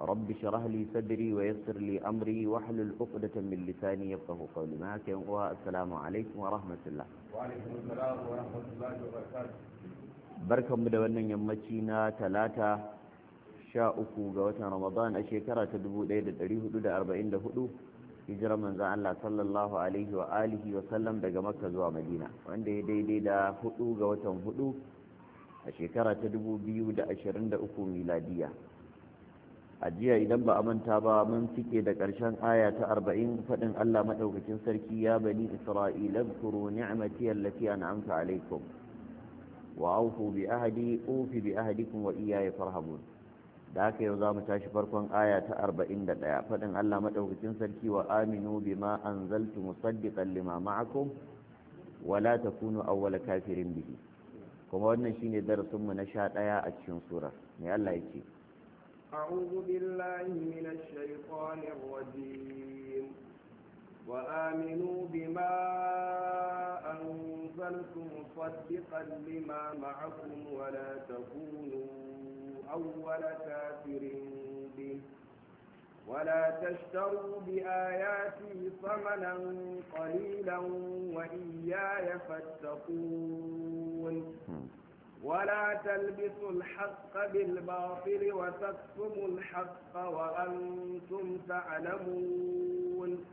rabbi shirah li sadri wa yassir li amri wa hlul uqdata min lisani yafqahu qawli ma kan wa assalamu alaikum wa rahmatullah wa alaikum assalam wa rahmatullahi wa barakatuh barkan mu da wannan yammaci na talata 13 ga watan ramadan a shekara ta 1444 hijira manza Allah sallallahu alaihi wa wa sallam daga makka zuwa madina wanda ya daidai da hudu ga watan hudu a shekara ta 2023 miladiya a jiya idan ba a manta ba mun cike da ƙarshen aya ta arba'in faɗin Allah maɗaukacin sarki ya bani isra'ila zkuru ni'mati allati an'amta alaikum wa awfu bi ahadi? ufi bi ahdikum wa iyaya farhabun da haka yau za mu tashi farkon aya ta arba'in da ɗaya faɗin Allah maɗaukacin sarki wa aminu bima anzaltu musaddiqan lima ma'akum wa la takunu awwala kafirin bihi kuma wannan shine darasinmu na sha ɗaya a cikin sura mai Allah ya ce أعوذ بالله من الشيطان الرجيم وآمنوا بما أنزلت مصدقا لما معكم ولا تكونوا أول كافر به ولا تشتروا بآياتي ثمنا قليلا وإياي فاتقون ولا تلبسوا الحق بالباطل وتكتموا الحق وأنتم تعلمون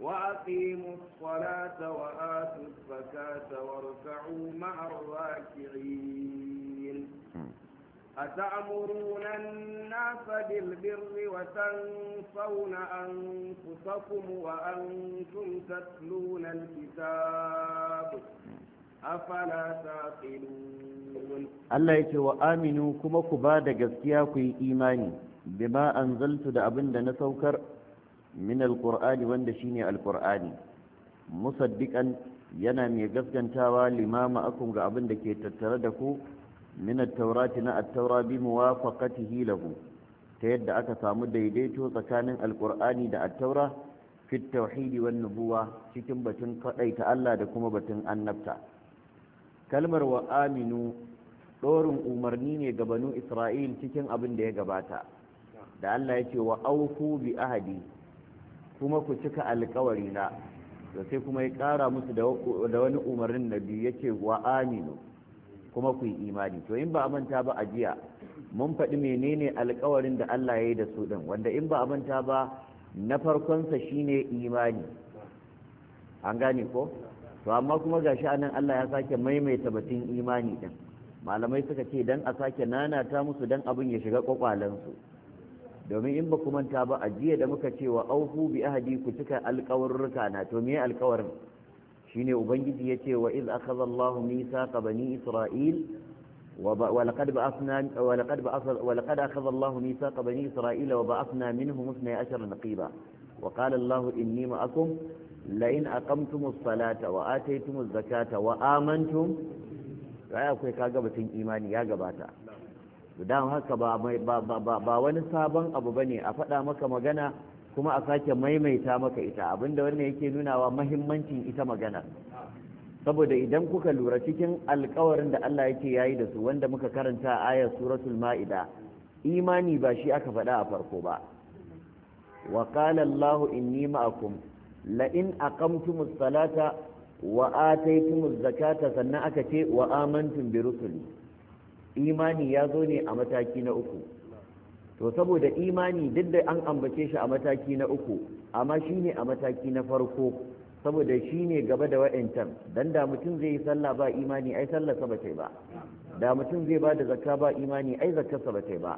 وأقيموا الصلاة وآتوا الزكاة واركعوا مع الراكعين أتأمرون الناس بالبر وتنصون أنفسكم وأنتم تتلون الكتاب afala taqilun Allah yake wa aminu kuma ku ba da gaskiya ku yi imani bima anzaltu da abin da na saukar min alqur'ani wanda shine alqur'ani musaddiqan yana mai gaskantawa limama akum ga abin da ke tattare da ku min at-taurati na at-taura bi muwafaqatihi lahu ta yadda aka samu daidaito tsakanin alqur'ani da at-taura fit tauhidi wan cikin batun kadaita Allah da kuma batun annabta kalmar wa aminu ɗorin umarni ne ga banu isra'il cikin abin da ya gabata da allah ya ce wa auku bi ahadi kuma ku cika alkawari na da sai kuma ya ƙara musu da wani umarnin na biyu ya ce wa aminu kuma ku yi imani to in ba a manta ba a jiya mun faɗi menene alkawarin da allah ya yi da su din wanda in ba a manta ba na farkonsa shine imani an gane ko to amma kuma gashi anan Allah ya sake maimaita batun imani din malamai suka ce dan a sake nanata musu dan abin ya shiga kwakwalansu domin in ba ku manta ba a jiya da muka wa aufu bi ahadi ku cika alƙawarruka na to me alƙawarin shine ubangiji ya ce wa iz akhadha Allahu mithaqa bani Isra'il ولقد بعثنا ولقد ولقد اخذ الله ميثاق بني اسرائيل وبعثنا منهم اثني عشر نقيبا وقال الله اني معكم la'in aqamtumus salata wa ataytumuz zakata wa amantum sai akwai kaga batun imani ya gabata dan haka ba wani sabon abu bane a faɗa maka magana kuma a sake maimaita maka ita abinda wannan yake nunawa mahimmancin ita magana saboda idan kuka lura cikin alkawarin da Allah yake yayi da su wanda muka karanta ayar suratul ma'ida imani ba shi aka faɗa a farko ba wa qala Allahu inni ma'akum la'in aqamtumus salata wa ataytumuz zakata sannan aka ce wa amantum bi imani ya zo ne a mataki na uku to saboda imani duk da an ambace shi a mataki na uku amma shine a mataki na farko saboda shine gaba da wa'yantan dan da mutum zai yi sallah ba imani ai sallarsa ba ba da mutum zai ba da zakka ba imani ai zakkarsa ba ba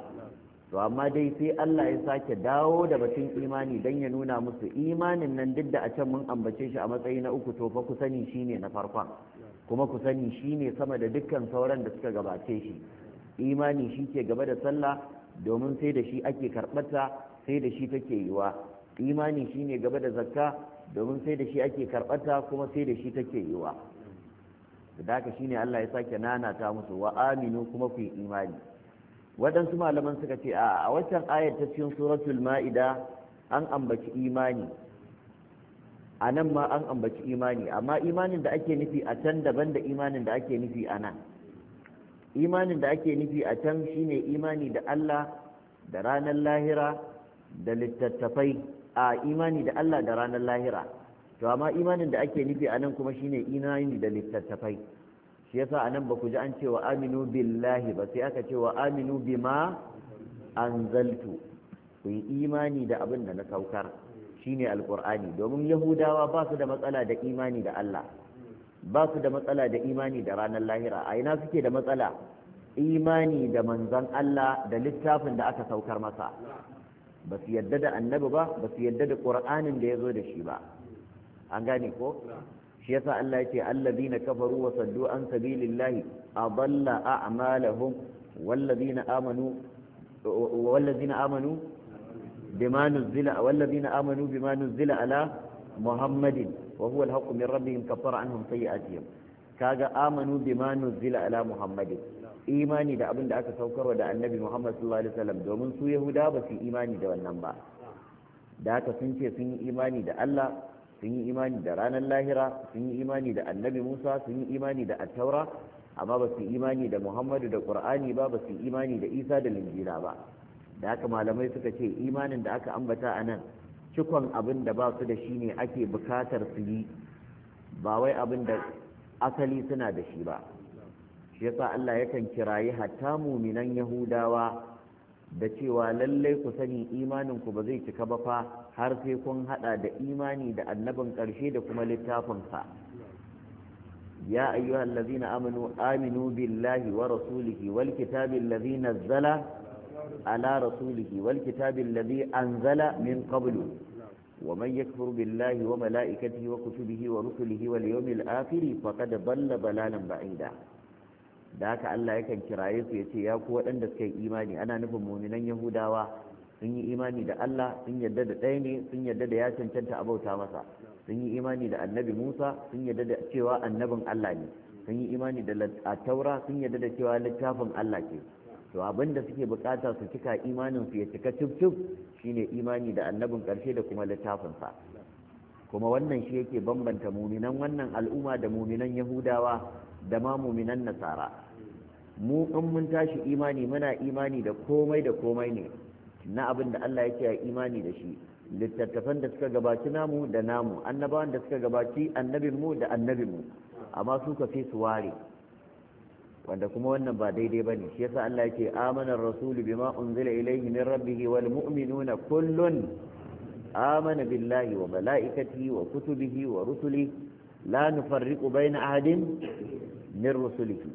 to amma dai sai Allah ya sake dawo da batun imani don ya nuna musu imanin nan duk da a can mun ambace shi a matsayi na uku to fa ku sani shine na farkon kuma ku sani shine sama da dukkan sauran da suka gabace shi imani shi ke gaba da sallah domin sai da shi ake karɓata sai da shi take yiwa imani shi ne gaba da zakka domin sai da shi ake karɓata kuma sai da shi take yiwa da haka shine Allah ya sake nanata musu wa aminu kuma ku yi imani waɗansu malaman suka ce a waccan ayar ta cikin suratul ma'ida an ambaci imani a nan ma an ambaci imani amma imanin da ake nufi a can daban da imanin da ake nufi a nan imanin da ake nufi a can shine imani da Allah da ranar lahira da littattafai a imani da Allah da ranar lahira to amma imanin da ake nufi a nan kuma shine imani da littattafai shi yasa anan ba ku ji an ce wa aminu billahi ba sai aka ce wa aminu bima anzaltu ku yi imani da abin da na saukar shine alkur'ani domin yahudawa ba su da matsala da imani da Allah ba su da matsala da imani da ranar lahira a ina suke da matsala imani da manzon Allah da littafin da aka saukar masa ba su yadda da annabi ba ba su yadda da qur'anin da ya zo da shi ba an gane ko shi yasa Allah ya ce allazina kafaru wa saddu an sabilillahi adalla a'malahum wallazina amanu wallazina amanu bima nuzila wallazina amanu bima nuzila ala muhammadin wa huwa alhaqqu min rabbihim kafara anhum sayi'atihim kaga amanu bima nuzila ala muhammadin imani da abin da aka saukarwa da annabi muhammad sallallahu alaihi wasallam domin su yahuda ba su imani da wannan ba da haka sun ce sun yi imani da Allah sun yi imani da ranar lahira sun yi imani da annabi musa sun yi imani da attaura amma ba su yi imani da muhammadu da qur'ani ba ba su yi imani da isa da linjila ba da haka malamai suka ce imanin da aka ambata a nan cikon abin da ba su da shi ne ake bukatar su yi ba wai abin da asali suna da shi ba shi yasa allah yakan kirayi hatta muminan yahudawa da cewa lallai ku sani imanin ku ba zai cika ba fa har sai kun hada da imani da annabin karshe da kuma littafin ka. ya ayyuhal ladzina amanu aminu billahi wa rasulihi wal kitabi alladhi nazzala ala rasulihi wal kitabi alladhi anzala min qablu ومن يكفر بالله وملائكته وكتبه ورسله واليوم الآخر فقد ضل ضلالا بعيدا da haka Allah yakan kiraye su ya ce ya ku waɗanda suka yi imani ana nufin muminan yahudawa sun yi imani da Allah sun yarda da ɗaya ne sun yarda da ya cancanta abauta masa sun yi imani da annabi Musa sun yarda da cewa annabin Allah ne sun yi imani da taura sun yarda da cewa littafin Allah ke to abinda suke bukata su cika imanin su ya cika cif shine imani da annabin karshe da kuma littafin sa kuma wannan shi yake bambanta muminan wannan al'umma da muminan yahudawa da ma muminan nasara mu in mun tashi imani muna imani da komai da komai ne na abin da Allah yake ya imani da shi littattafan da suka gabaci namu da namu annabawan da suka gabaci annabinmu da annabinmu amma su ka fi su ware wanda kuma wannan ba daidai ba ne shi yasa Allah yake amana rasulu bima unzila ilayhi min rabbih wal mu'minuna kullun amana billahi wa malaikatihi wa kutubihi wa rusulihi la nufarriqu bayna ahadin min rusulihi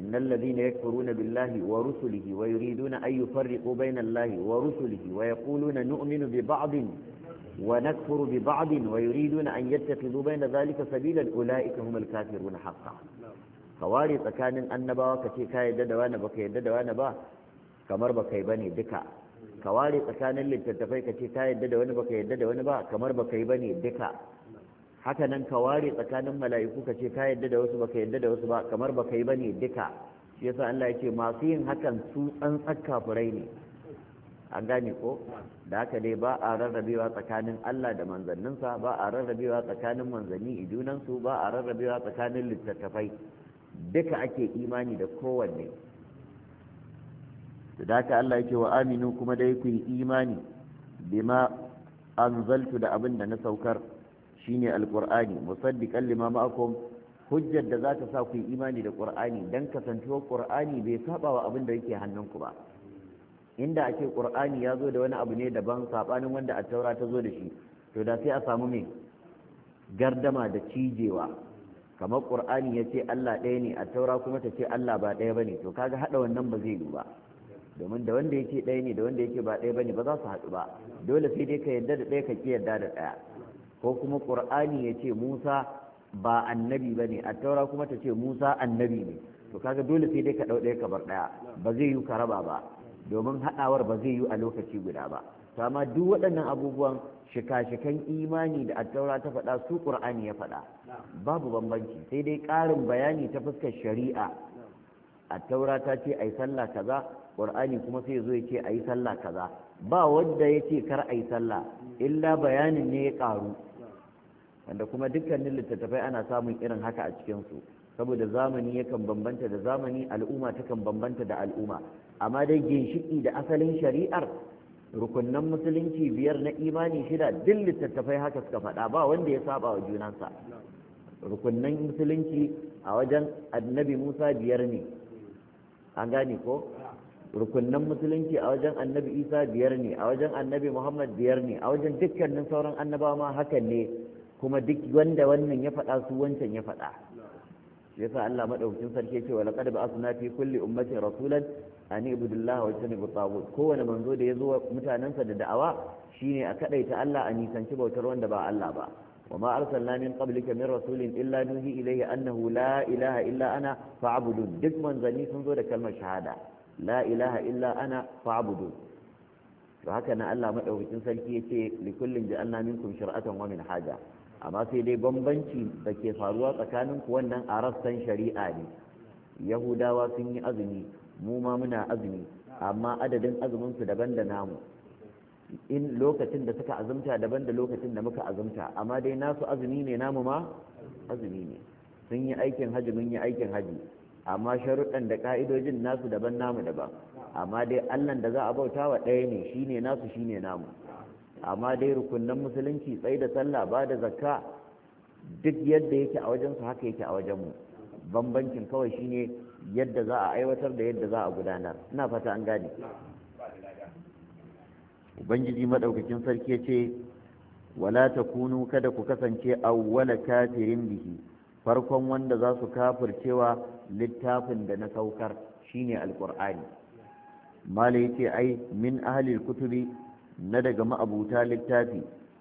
إن الذين يكفرون بالله ورسله ويريدون أن يفرقوا بين الله ورسله ويقولون نؤمن ببعض ونكفر ببعض ويريدون أن يتخذوا بين ذلك سبيلا أولئك هم الكافرون حقا kawari tsakanin annabawa ka ce ka yadda da wani baka yadda da wani ba kamar baka yi bane duka kawari tsakanin littattafai ka ce ka yadda da wani baka yadda da wani ba kamar baka yi bane duka haka nan ka ware tsakanin mala'iku ka ce ka yadda da wasu ba ka yadda da wasu ba kamar baka yi bane duka shi yasa Allah ya masu yin hakan su tsakka furai ne an gane ko da haka dai ba a rarrabewa tsakanin Allah da manzanninsa ba a rarrabewa tsakanin manzanni idunansu ba a rarrabewa tsakanin littattafai duka ake imani da kowanne da haka Allah yake wa aminu kuma dai ku yi imani bima anzaltu da abin da na saukar shine alqur'ani musaddiqan lima ma'akum hujjar da za ta sa ku imani da qur'ani dan kasantuwar qur'ani bai saba wa abin da yake hannunku ba inda ake qur'ani ya zo da wani abu ne daban sabanin wanda a taura ta zo da shi to da sai a samu mai gardama da cijewa kamar qur'ani ya ce Allah ɗaya ne a taura kuma ta ce Allah ba ɗaya bane to kaga hada wannan ba zai yi ba domin da wanda yake ɗaya ne da wanda yake ba ɗaya bane ba za su haɗu ba dole sai dai ka yarda da ɗaya ka ki yarda da ɗaya ko kuma qur'ani ya ce musa ba annabi ba ne attaura kuma ta ce musa annabi ne to kaga dole sai dai ka ɗau ɗaya ka bar ɗaya ba zai yi ka raba ba domin haɗawar ba zai yi a lokaci guda ba to amma duk waɗannan abubuwan shika-shikan imani da attaura ta faɗa su ƙur'ani ya faɗa babu bambanci sai dai ƙarin bayani ta fuskar shari'a attaura ta ce ai sallah kaza qur'ani kuma sai zo yake ayi sallah kaza ba wanda yace kar ayi sallah illa bayanin ne ya karu wanda kuma dukkanin littattafai ana samun irin haka a cikin su saboda zamani yakan bambanta da zamani al'umma ta kan bambanta da al'umma amma dai ginshiki da asalin shari'ar rukunnan musulunci biyar na imani shida duk littattafai haka suka faɗa ba wanda ya saba wa junansa rukunnan musulunci a wajen annabi musa biyar ne an gane ko rukunnan musulunci a wajen annabi isa biyar ne a wajen annabi muhammad biyar ne a wajen dukkanin sauran annabawa ma hakan ne kuma duk wanda wannan ya faɗa su wancan ya faɗa shi yasa Allah madaukakin sarki ce wa laqad ba'athna fi kulli ummatin rasulan an ibudullaha wa tanibu tawut kowane manzo da yazo sa da da'awa shine a kadaita Allah a nisanci bautar wanda ba Allah ba وما أرسلنا من قبلك من رسول إلا نوحي إليه أنه لا إله ana أنا duk دك sun zo da kalmar shahada. la ilaha illa ana fa'budu to haka na Allah madaukakin sarki yace li kullin ja'alna minkum shar'atan wa min haja amma sai dai bambanci da ke faruwa tsakanin ku wannan a shari'a ne yahudawa sun yi azumi mu ma muna azumi amma adadin azumin su daban da namu in lokacin da suka azumta daban da lokacin da muka azumta amma dai nasu azumi ne namu ma azumi ne sun yi aikin haji mun yi aikin haji amma sharuɗan da ƙa'idojin nasu daban namu daban amma dai allan da za a bauta wa ɗaya ne shi ne nasu shi ne namu amma dai rukunin musulunci tsaye da sallah ba da zakka duk yadda yake a wajensu haka yake a wajenmu bambancin kawai shine yadda za a aiwatar da yadda za a gudanar ina fata an gane ubangiji madaukakin sarki ce wala ta kunu kada ku kasance awwala kafirin bihi farkon wanda za su cewa littafin da na saukar shine alqur'ani mala yace ai min ahlil kuturi na daga ma'abuta littafi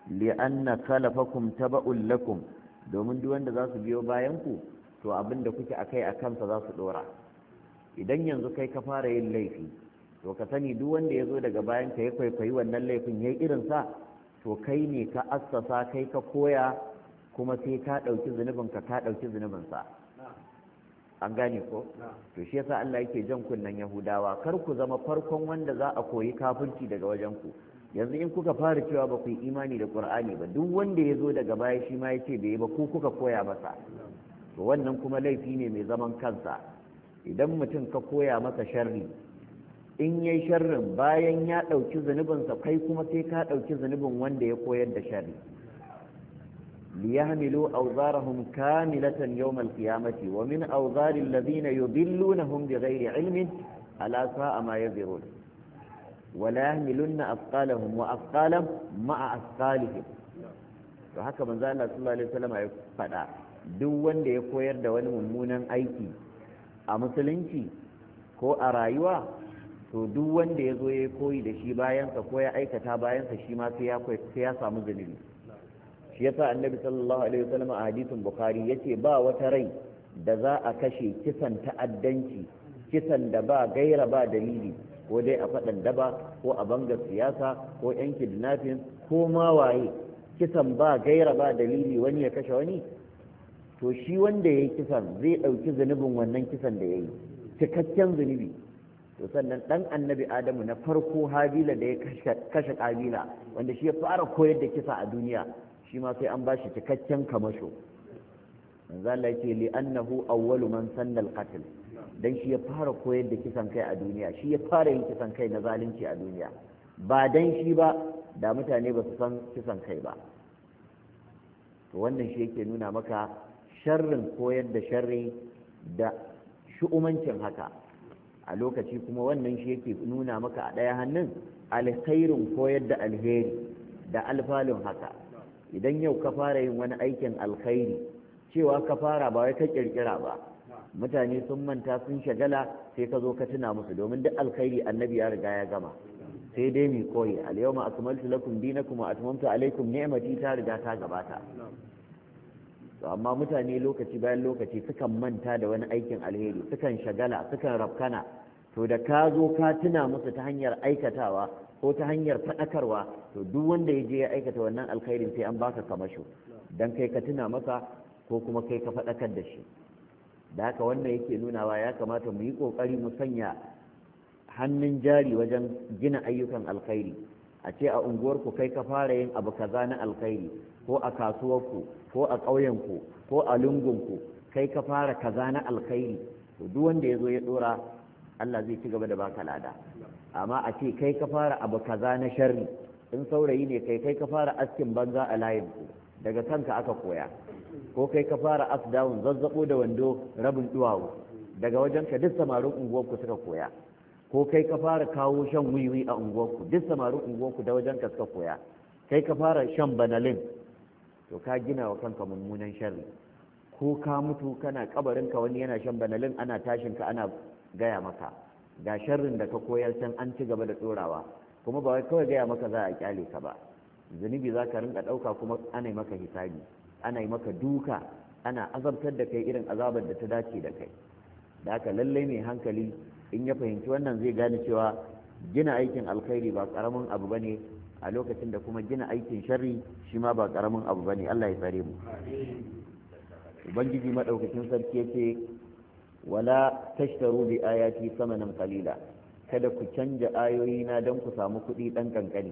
li'anna khalafakum taba'un lakum domin duk wanda za su biyo bayan ku to abin da kuke akai a kansa za su dora idan yanzu kai ka fara yin laifi to ka sani duk wanda ya zo daga bayan ka ya kwaikwayi wannan laifin ya yi irinsa, to kai ne ka assasa kai ka koya kuma sai ka ɗauki zunubinka ka ɗauki zunubinsa an gane ko to shi yasa Allah yake jan kunnen Yahudawa kar ku zama farkon wanda za a koyi kafirci daga wajen ku yanzu in kuka fara cewa ba ku yi imani da Qur'ani ba duk wanda ya zo daga baya shi ma yace bai ba ku kuka koya masa to wannan kuma laifi ne mai zaman kansa idan mutum ka koya masa sharri in yayi sharrin bayan ya ɗauki zunubinsa kai kuma sai ka ɗauki zunubin wanda ya koyar da sharri ليحملوا أوزارهم كاملة يوم القيامة ومن أوزار الذين يضلونهم بغير علم ألا ساء ما يذرون ولا يحملن أثقالهم وأثقالا مع أثقالهم وهكذا من ذا الله صلى الله عليه وسلم يقول duk wanda ya koyar da wani mummunan aiki a musulunci ko a rayuwa to duk wanda ya zo ya koyi da shi bayansa ko ya aikata bayansa shi ma sai ya samu zunubi shi yasa annabi sallallahu alaihi wasallam a hadisin bukhari yace ba wata rai da za a kashe kisan ta'addanci kisan da ba gaira ba dalili ko dai a faɗan daba ko a banga siyasa ko yan kidnapping ko ma waye kisan ba gaira ba dalili wani ya kashe wani to shi wanda ya yi kisan zai ɗauki zunubin wannan kisan da ya yi cikakken zunubi to sannan ɗan annabi adamu na farko habila da ya kashe kabila wanda shi ya fara koyar da kisa a duniya shi ma sai an ba shi cikakken kamasho manzo Allah yake li annahu awwalu man sanna al dan shi ya fara koyar da kisan kai a duniya shi ya fara yin kisan kai na zalunci a duniya ba dan shi ba da mutane ba su san kisan kai ba to wannan shi yake nuna maka sharrin koyar da sharri da shu'umancin haka a lokaci kuma wannan shi yake nuna maka a ɗaya hannun alkhairin koyar da alheri da alfalun haka idan yau ka fara yin wani aikin alkhairi cewa ka fara ba wai ka kirkira ba mutane sun manta sun shagala sai ka zo ka tuna musu domin duk alkhairi annabi ya riga ya gama sai dai mi koyi al-yawma akmaltu lakum dinakum wa atmamtu alaykum ni'mati ta riga ta gabata to amma mutane lokaci bayan lokaci sukan manta da wani aikin alheri sukan shagala sukan rafkana to da ka zo ka tuna musu ta hanyar aikatawa ko ta hanyar faɗakarwa to duk wanda ya je ya aikata wannan alkhairin sai an baka kamasho dan kai ka tuna masa ko kuma kai ka faɗakar da shi da haka wannan yake nunawa ya kamata mu yi ƙoƙari mu sanya hannun jari wajen gina ayyukan alkhairi a ce a unguwarku kai ka fara yin abu kaza na alkhairi ko a ku ko a ƙauyenku ko a lungunku kai ka fara kaza na alkhairi to duk wanda ya zo ya ɗora Allah zai ci gaba da baka lada amma a ce kai ka fara abu kaza na sharri in saurayi ne kai kai ka fara askin banza a layinku daga kanka aka koya ko kai ka fara as zazzabo da wando rabin duwawu daga wajen ka duk samarin unguwarku suka koya ko kai ka fara kawo shan wiwi a unguwarku duk samarin unguwarku da wajen ka suka koya kai ka fara shan banalin to ka gina wa kanka mummunan sharri ko ka mutu kana kabarinka wani yana shan banalin ana tashin ka ana gaya maka ga sharrin da ka koyar can an ci gaba da tsorawa kuma ba kawai gaya maka za a kyale ka ba zunubi za ka rinka ɗauka kuma ana yi maka hisabi ana yi maka duka ana azabtar da kai irin azabar da ta dace da kai da haka lallai mai hankali in ya fahimci wannan zai gane cewa gina aikin alkhairi ba karamin abu bane a lokacin da kuma gina aikin sharri shi ma ba karamin abu bane Allah ya tsare mu ubangiji madaukakin sarki yace wala tashtaru bi ayati samanan qalila kada ku canja na dan ku samu kuɗi ɗan kankani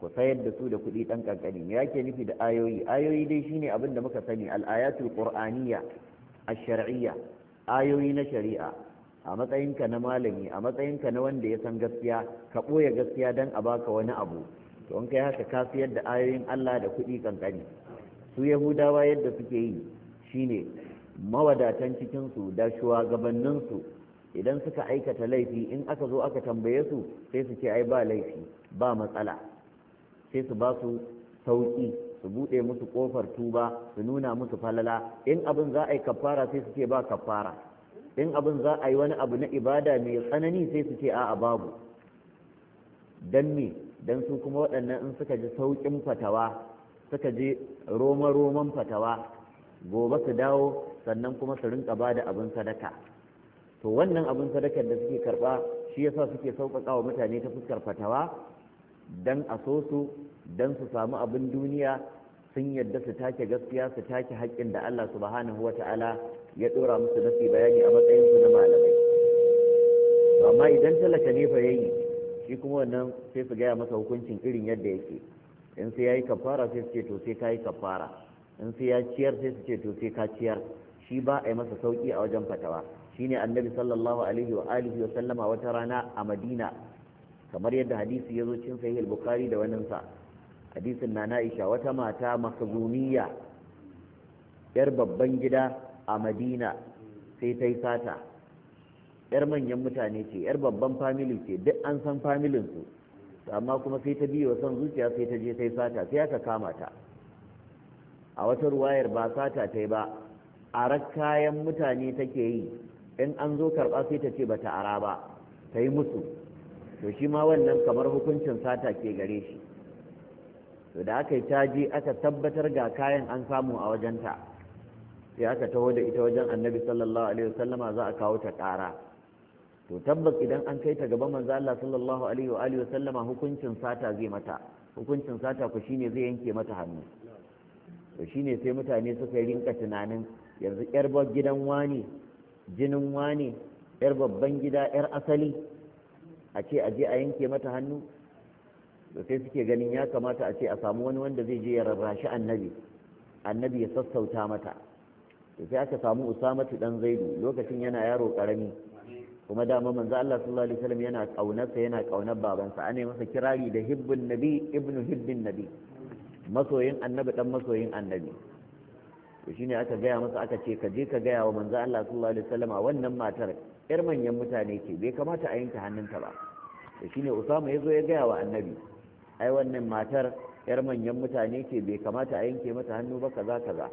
ku sayar da su da kuɗi ɗan kankani me yake nufi da ayoyi ayoyi dai shine abin da muka sani al-ayatul qur'aniyya ash-shar'iyya ayoyi na shari'a a matsayinka na malami a matsayinka na wanda ya san gaskiya ka ɓoye gaskiya don a baka wani abu to in kai haka ka siyar da ayoyin Allah da kuɗi kankani su yahudawa yadda suke yi shine mawadatan cikinsu da shugabanninsu idan suka aikata laifi in aka zo aka tambaye su sai su ce ai ba laifi ba matsala sai su ba su sauki su buɗe musu ƙofar tuba su nuna musu falala in abin za a yi kafara sai su ce ba kafara in abin za a yi wani abu na ibada mai tsanani sai su ce a'a babu don me don su kuma waɗannan in suka ji sauƙin fatawa suka ji roma-roman fatawa gobe su dawo sannan kuma su rinka ba da abin sadaka to wannan abin sadakar da suke karba shi yasa suke sauƙaƙa wa mutane ta fuskar fatawa dan a so su dan su samu abin duniya sun yadda su take gaskiya su take haƙƙin da Allah subhanahu wata'ala ya ɗora musu nasi bayani a matsayin su na malamai to amma idan talaka ne fa yayi shi kuma wannan sai su gaya masa hukuncin irin yadda yake in sai yayi kafara sai su ce to sai kayi kafara in sai ya ciyar sai su ce to sai ka ciyar shi ba a yi masa sauki a wajen fatawa shine annabi sallallahu alaihi wa alihi wa sallama wata rana a madina kamar yadda hadisi ya zo cin sahih al-bukhari da wannan sa hadisin na na'isha wata mata makhzumiyya yar babban gida a madina sai ta yi sata yar manyan mutane ce yar babban family ce duk an san familin su amma kuma sai ta biyo son zuciya sai ta je sai sata sai aka kama ta a wata ruwayar ba sata ta yi ba a kayan mutane take yi in an zo karɓa sai ta ce ba ta ara ba ta yi musu to shi ma wannan kamar hukuncin sata ke gare shi to da aka yi caji aka tabbatar ga kayan an samu a wajenta sai aka taho da ita wajen annabi sallallahu alaihi wasallama za a kawo ta ƙara to tabbas idan an kai ta gaban manzo Allah sallallahu alaihi wa alihi wasallama hukuncin sata zai mata hukuncin sata ku shine zai yanke mata hannu to shine sai mutane suka rinka tunanin yanzu yar gidan wani jinin wani yar babban gida yar asali a ce a je a yanke mata hannu to sai suke ganin ya kamata a ce a samu wani wanda zai je ya rarrashi annabi annabi ya sassauta mata to sai aka samu usamatu dan zaidu lokacin yana yaro karami kuma dama manzo Allah sallallahu alaihi wasallam yana kaunarsa yana kaunar babansa ane masa kirari da hibbun nabi ibnu hibbin nabi masoyin annabi dan masoyin annabi to shine aka gaya masa aka ce ka je ka gaya wa manzo Allah sallallahu alaihi wasallam wannan matar yar manyan mutane ce bai kamata a yanke hannunta ba to shine Usama yazo ya gaya wa annabi ai wannan matar yar manyan mutane ce bai kamata a yanke mata hannu ba kaza kaza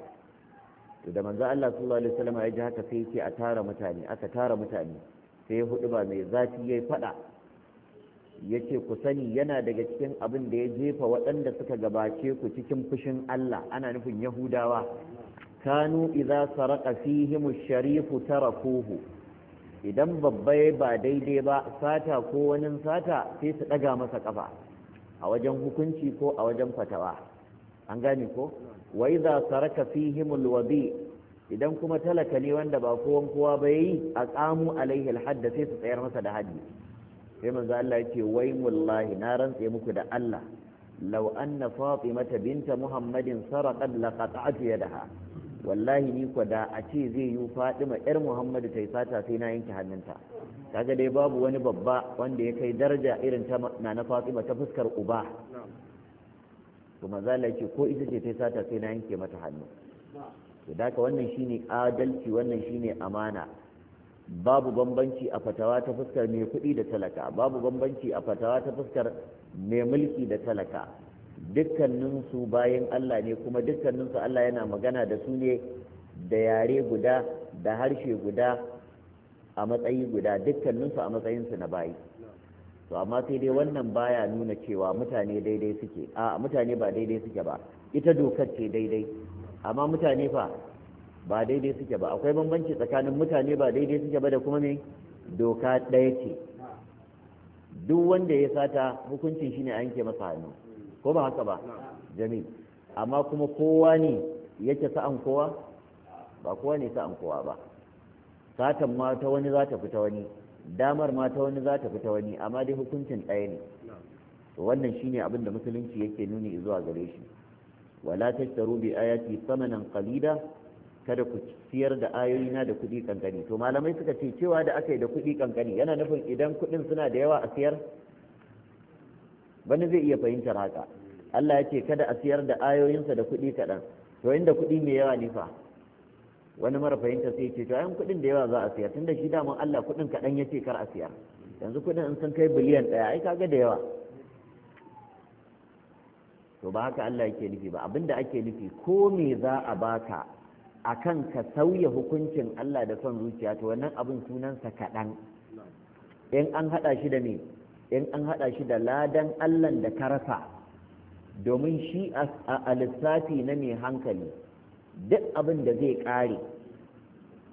to da manzo Allah sallallahu alaihi wasallam ya ji haka sai ya a tara mutane aka tara mutane sai ya hudu ba mai zafi yayi fada yace ku sani yana daga cikin abin da ya jefa waɗanda suka gabace ku cikin fushin Allah ana nufin Yahudawa kanu idza saraka fihim ash-sharifu tarakuhu idan babba ba daidai ba sata ko wani sata sai su daga masa kafa a wajen hukunci ko a wajen fatawa an gane ko wa idza saraka fihim al-wadi idan kuma talaka ne wanda ba kowan kowa ba yayi a alaihi al-hadd sai su tsayar masa da haddi sai manzo Allah yake wai wallahi na rantsa muku da Allah law anna fatimata binta muhammadin sarqat laqat'at yadaha wallahi ni ko da a ce zai yi fatima yar muhammadu ta sata sai na yanke hannunta kaga dai babu wani babba wanda ya kai daraja irin ta na na fatima ta fuskar uba to maza ce ko ita ce tai sata sai na yanke mata hannu to da wannan shine adalci wannan shine amana babu bambanci a fatawa ta fuskar mai kuɗi da talaka babu bambanci a fatawa ta fuskar mai mulki da talaka dukkaninsu bayan Allah ne kuma dukkaninsu Allah yana magana da su ne da yare guda da harshe guda a matsayi guda dukkaninsu a matsayinsu na bayi to amma sai dai wannan baya nuna cewa mutane daidai suke a mutane ba daidai suke ba ita dokar ce daidai amma mutane fa ba daidai suke ba akwai bambanci tsakanin mutane ba daidai suke ba da kuma ne doka ɗaya ce duk wanda ya sata hukuncin shi ne a yanke masa hannu ko ba haka ba jami amma kuma kowa ne yake sa'an kowa ba kowa ne sa'an kowa ba satan ma ta wani za ta fita wani damar ma ta wani za ta fita wani amma dai hukuncin ɗaya ne wannan shine abin da musulunci yake nuni zuwa gare shi wala tashtaru bi ayati thamanan qalida kada ku siyar da ayoyina da kuɗi kankani to malamai suka ce cewa da aka yi da kuɗi kankani yana nufin idan kuɗin suna da yawa a siyar wani zai iya fahimtar haka Allah ya ce kada a siyar da ayoyinsa da kuɗi kaɗan to inda kuɗi mai yawa ne fa wani mara fahimta sai ce to ayan kuɗin da yawa za a siyar tunda shi daman Allah kuɗin kaɗan ya ce kar a siyar yanzu kuɗin in sun kai biliyan ɗaya ai kaga da yawa to ba haka Allah yake nufi ba abinda ake nufi ko me za a baka akan ka sauya hukuncin Allah da son zuciya to wannan abin sunansa kaɗan in an haɗa shi da me in an haɗa shi da ladan Allah da ka rasa domin shi a lissafi na mai hankali duk abin da zai ƙare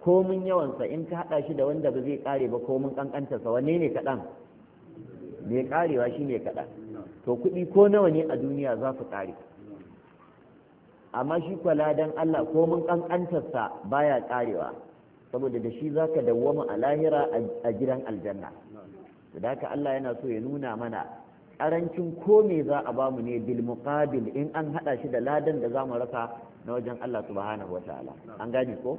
komin yawansa in ka haɗa shi da wanda ba zai ƙare ba komin ƙanƙantarsa wanne ne kaɗan mai ƙarewa shi ne kaɗan to kuɗi ko nawa ne a duniya za su ƙare amma shi kwala dan Allah ko mun ba baya ƙarewa saboda da shi za ka dawwama a lahira a gidan aljanna da haka Allah yana so ya nuna mana ƙarancin ko me za a bamu ne bil muqabil in an hada shi da ladan da zamu rasa na wajen Allah subhanahu wataala an gane ko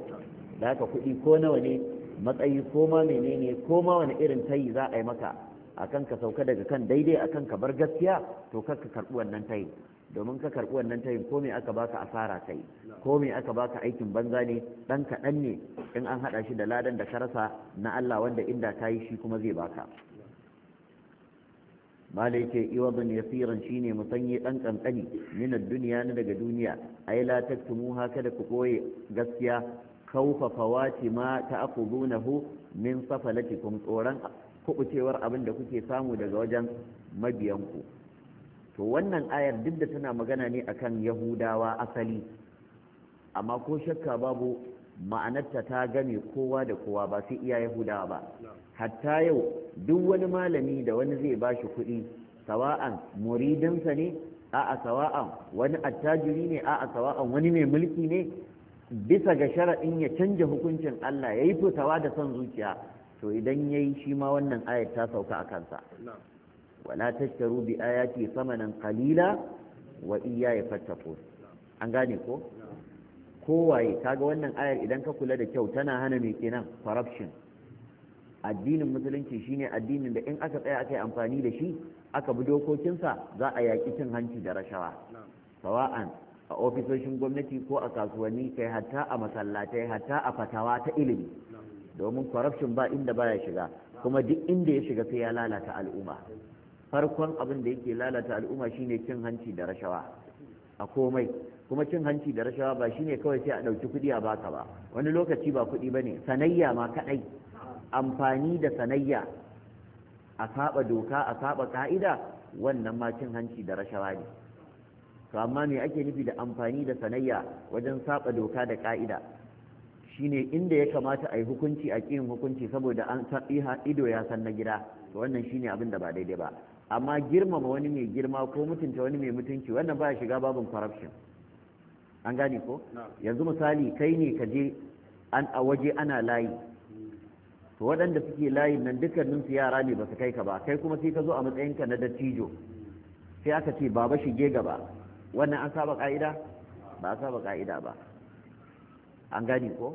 da haka kuɗi ko nawa ne matsayi ko ma menene ko ma wani irin tayi za a yi maka akan ka sauka daga kan daidai akan ka bar gaskiya to kar ka karɓi wannan tayi domin ka karɓi wannan tayin ko me aka baka asara kai ko me aka baka aikin banza ne ɗan kaɗan ne in an haɗa shi da ladan da karasa na Allah wanda inda ka shi kuma zai baka malai ce iwadun yasiran shine musanye ɗan ƙanƙani min duniya na daga duniya ai la haka kada ku koye gaskiya kaufa fawati ma ta'khudunahu min safalatikum tsoron kubucewar abin da kuke samu daga wajen mabiyanku to wannan ayar duk da tana magana ne akan yahudawa asali amma ko shakka babu ma'anarta ta game kowa da kowa ba sai iya yahudawa ba hatta yau duk wani malami da wani zai ba shi kuɗi sawa'an muridinsa ne a'a sawa'an wani attajiri ne a'a sawa'an wani mai mulki ne bisa ga sharaɗin ya canja hukuncin Allah ya yi fitawa da son zuciya to idan ya yi shi ma wannan ayar ta sauka a kansa wala tashtaru bi ayati samanan qalila wa iyaya fattaqun an gane ko kowaye kaga wannan ayar idan ka kula da kyau tana hana me kenan corruption addinin musulunci shine addinin da in aka tsaya aka amfani da shi aka bi dokokinsa za a yaƙi cin hanci da rashawa sawa'an a ofisoshin gwamnati ko a kasuwanni kai hatta a masallatai hatta a fatawa ta ilimi domin corruption ba inda baya shiga kuma duk inda ya shiga sai ya lalata al'umma farkon abin da yake lalata al'umma shine cin hanci da rashawa a komai kuma cin hanci da rashawa ba shine kawai sai a ɗauki kuɗi a baka ba wani lokaci ba kuɗi ba ne sanayya ma kaɗai amfani da sanayya a saba doka a saba ka'ida wannan ma cin hanci da rashawa ne to amma me ake nufi da amfani da sanayya wajen saba doka da ka'ida shine inda ya kamata a yi hukunci a ƙin hukunci saboda an ido ya san na gida to wannan shine abin da ba daidai ba amma girmama wani mai girma ko mutunta wani mai mutunci wannan baya shiga babin corruption an gane ko yanzu misali kai ne ka je an a waje ana layi to waɗanda suke layin nan dukkanin su yara ne ba su kai ka ba kai kuma sai ka zo a matsayin ka na dattijo sai aka ce baba shige gaba wannan an saba ka'ida ba a saba ka'ida ba an gane ko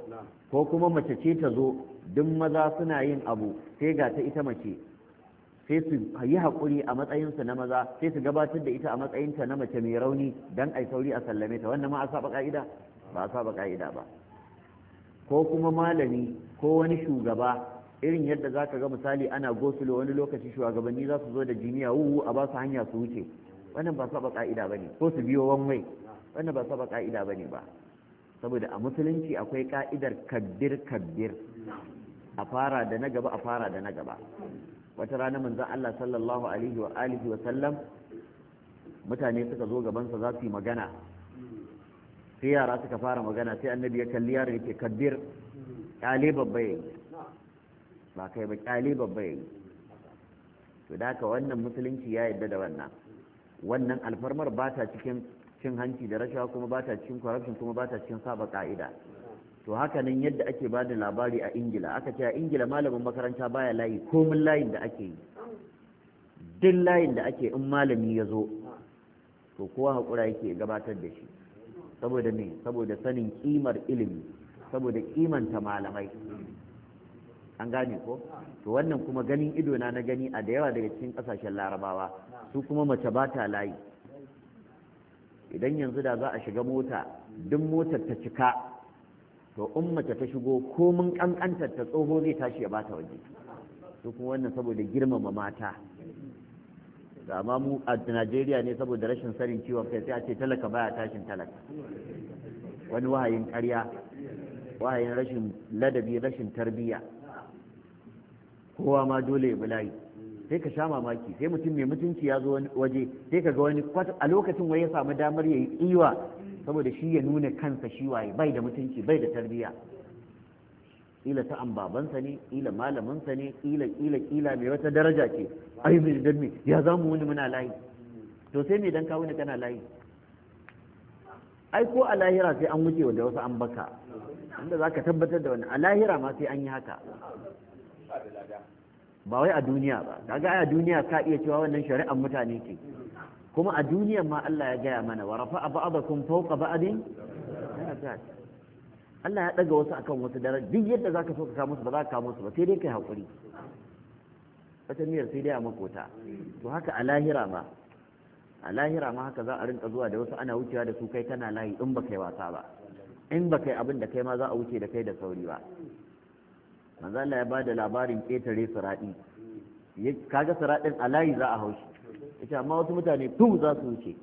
ko kuma mace ce ta zo duk maza suna yin abu sai ga ta ita mace sai su yi haƙuri a matsayinsu na maza sai su gabatar da ita a matsayinta na mace mai rauni don a sauri a sallame ta wannan ma a saba ƙa'ida ba a saba ƙa'ida ba ko kuma malami ko wani shugaba irin yadda za ka ga misali ana gosulo wani lokaci shugabanni za su zo da jiniya wuhu a ba su hanya su wuce wannan ba saba ka'ida ba ne ko su biyo wanwai wannan ba saba ka'ida ba ne ba saboda a musulunci akwai ƙa'idar kabbir kabbir a fara da na gaba a fara da na gaba wata rana manzon Allah sallallahu alaihi wa alihi wa sallam mutane suka zo gabansa za su yi magana sai yara suka fara magana sai annabi ya kalli yaron yake kabbir kyale babba ya yi ba kai ba kyale babba ya yi to da haka wannan musulunci ya yarda da wannan wannan alfarmar ba ta cikin cin hanci da rashawa kuma ba ta cikin corruption kuma ba ta cikin saba ka'ida to haka yadda ake ba da labari a ingila aka ce a ingila malamin makaranta baya layi komin layin da ake yi duk layin da ake in malami ya zo to kowa haƙura yake gabatar da shi saboda me saboda sanin kimar ilimi saboda kimanta malamai an gane ko to wannan kuma ganin ido na na gani a da yawa daga cikin ƙasashen larabawa su kuma mace ba ta layi idan yanzu da za a shiga mota duk motar ta cika to in mace ta shigo ko mun kankantar ta tsoho zai tashi ya bata waje to kuma wannan saboda girmama mata da ma mu a Najeriya ne saboda rashin sanin ciwon kai sai a ce talaka baya tashin talaka wani wahayin ƙarya wahayin rashin ladabi rashin tarbiyya kowa ma dole ya bulayi sai ka sha mamaki sai mutum mai mutunci ya zo waje sai ka ga wani a lokacin wai ya samu damar ya yi iwa saboda shi ya nuna kansa shi waye bai da mutunci bai da tarbiyya ila ta an babansa ne ila malaminsa ne ila ila ila mai wata daraja ce ai mai dan me ya za mu wani muna layi to sai me dan kawo ne kana layi ai ko a lahira sai an wuce wanda wasu an baka inda zaka tabbatar da wannan a lahira ma sai an yi haka ba wai a duniya ba kaga a duniya ka iya cewa wannan shari'ar mutane ce kuma a duniyan ma Allah ya gaya mana wa rafa'a ba'dakum fawqa ba'din Allah ya daga wasu akan wasu dare duk yadda zaka so ka kawo musu ba za ka kawo musu ba sai dai kai hakuri wata niyyar sai dai a makota to haka a lahira ma a lahira ma haka za a rinka zuwa da wasu ana wucewa da su kai kana layi in ba kai wasa ba in ba kai abin da kai ma za a wuce da kai da sauri ba manzo Allah ya bada labarin ketare suradi kaga suradin a layi za a haushi ita amma wasu mutane tun za su wuce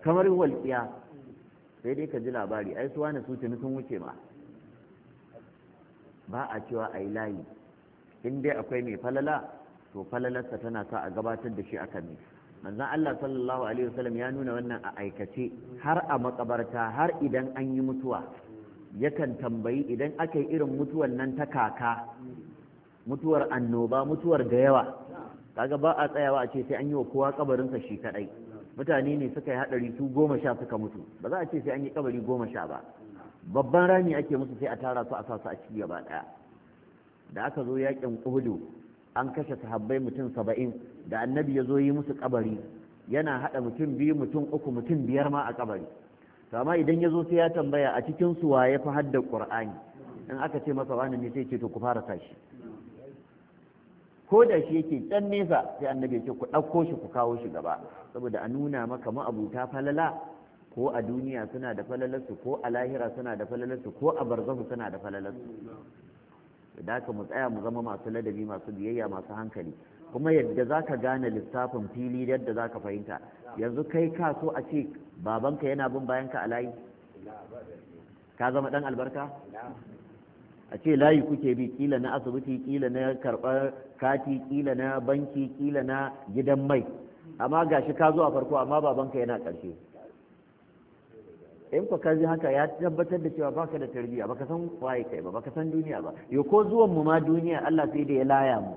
kamar walƙiya sai dai ka ji labari ai su wani su tuni sun wuce ba, ba a cewa a layi in dai akwai mai falala to falalarsa tana sa a gabatar da shi a ne manzon Allah sallallahu alaihi wasallam ya nuna wannan a aikace har a makabarta har idan an yi mutuwa yakan tambayi idan aka yi irin mutuwar nan ta kaka mutuwar annoba mutuwar da yawa kaga ba a tsayawa a ce sai an yi wa kowa kabarinsa shi kadai mutane ne suka yi hadari su goma sha suka mutu ba za a ce sai an yi kabari goma sha ba babban rami ake musu sai a tara su a sa su a ciki gaba daya da aka zo yakin uhudu an kashe sahabbai mutum saba'in da annabi ya zo yi musu kabari yana haɗa mutum biyu mutum uku mutum biyar ma a kabari to amma idan ya zo sai ya tambaya a cikin su ya fi hadda qur'ani in aka ce masa wani ne sai ce to ku fara tashi ko da shi yake can nesa sai annabi ya ce ku ɗauko shi ku kawo shi gaba saboda a nuna maka ma'abuta falala ko a duniya suna da falalarsu ko a lahira suna da falalarsu ko a barzahu suna da falalarsu da haka mu tsaya mu zama masu ladabi masu biyayya masu hankali kuma yadda za ka gane lissafin fili yadda za ka fahimta yanzu kai ka so a ce babanka yana bin bayanka a layi ka zama ɗan albarka a ce layi kuke bi kila na asibiti kila na karɓar kati kila na banki kila na gidan mai amma gashi ka zo a farko amma babanka yana ƙarshe in ka ji haka ya tabbatar da cewa baka da tarbiyya baka san waye kai ba baka san duniya ba yo ko zuwan mu ma duniya Allah sai da ya laya mu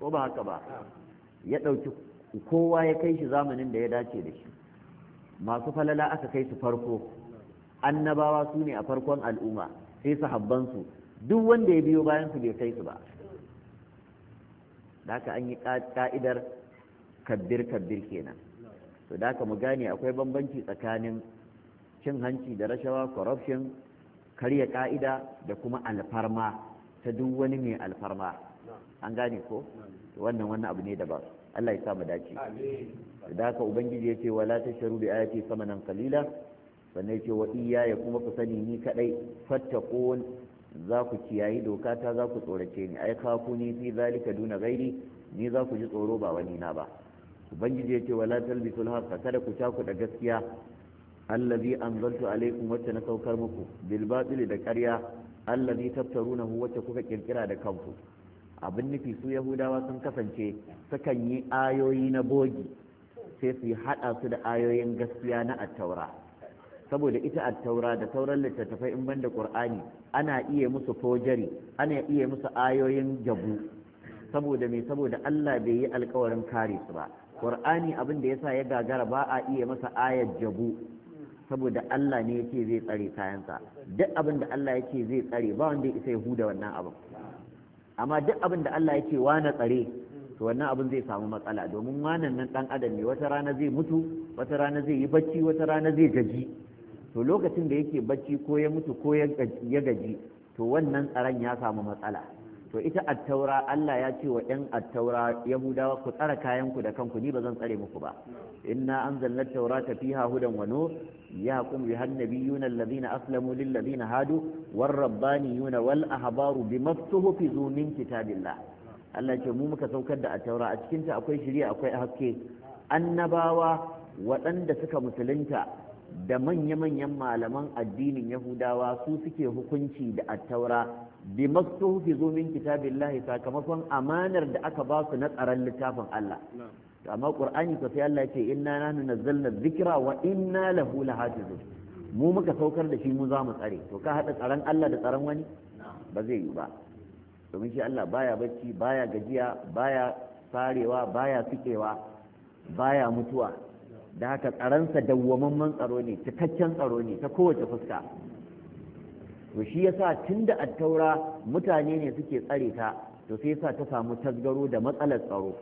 ko ba haka ba ya dauki kowa ya kai shi zamanin da ya dace da shi masu falala aka kai su farko annabawa su ne a farkon al'umma sai sahabbansu duk wanda ya biyo bayan su bai kai su ba da haka an yi ka'idar kabbir kabbir kenan to da haka mu gane akwai bambanci tsakanin cin hanci da rashawa corruption karya ka'ida da kuma alfarma ta duk wani mai alfarma an gane ko wannan wannan abu ne daban Allah ya sa mu dace da haka ubangiji ya ce wala tasharu bi ayati samanan qalila sannan ce wa iyaya kuma ku sani ni kadai fattaqun za ku kiyayi doka ta za ku tsorace ni ai kafu ni fi zalika duna gairi ni za ku ji tsoro ba wani na ba ubangiji ya ce wala talbisul haqqa kada ku taku da gaskiya allazi anzaltu alaykum wacce na saukar muku bil batili da ƙarya allazi taftarunahu wacce kuka kirkira da kanku abin nufi su yahudawa sun kasance sukan yi ayoyi na bogi sai su hada su da ayoyin gaskiya na attaura saboda ita a taura da sauran littattafai in banda qur'ani ana iya musu fojari ana iya musu ayoyin jabu saboda me saboda Allah bai yi alkawarin kare su ba qur'ani abin da yasa ya gagara ba a iya masa ayar jabu saboda Allah ne yake zai tsare kayansa duk abin da Allah yake zai tsare ba wanda isa ya huda wannan abin amma duk abin da Allah yake wane tsare to wannan abin zai samu matsala domin wanan nan dan adam ne wata rana zai mutu wata rana zai yi bacci wata rana zai gaji to lokacin da yake bacci ko ya mutu ko ya gaji to wannan tsaron ya samu matsala to ita attaura Allah ya ce wa ɗan attaura yahudawa ku tsara kayanku da kanku ni ba zan tsare muku ba inna anzalna taurata fiha hudan wa nur yahkum biha an alladhina aslamu lil ladina hadu war rabbaniyuna wal ahbaru bima tuhfizu min kitabillah Allah ce mu muka saukar da attaura a cikin ta akwai shari'a akwai haske annabawa waɗanda suka musulunta da manya-manyan malaman addinin yahudawa su suke hukunci da attaura bi maktuhu fi min kitabillahi sakamakon amanar da aka ba su na tsaron littafin Allah amma qur'ani ko sai Allah ce inna nahnu nazzalna dhikra wa inna lahu lahafizun mu muka saukar da shi mu za mu tsare to ka hada tsaron Allah da tsaron wani ba zai yi ba domin shi Allah baya bacci baya gajiya baya sarewa, baya fikewa baya mutuwa da haka tsaronsa dawwamamman tsaro ne cikakken tsaro ne ta kowace fuska to shi yasa da attaura mutane ne suke tsare ta to sai yasa ta samu tasgaro da matsalar tsaro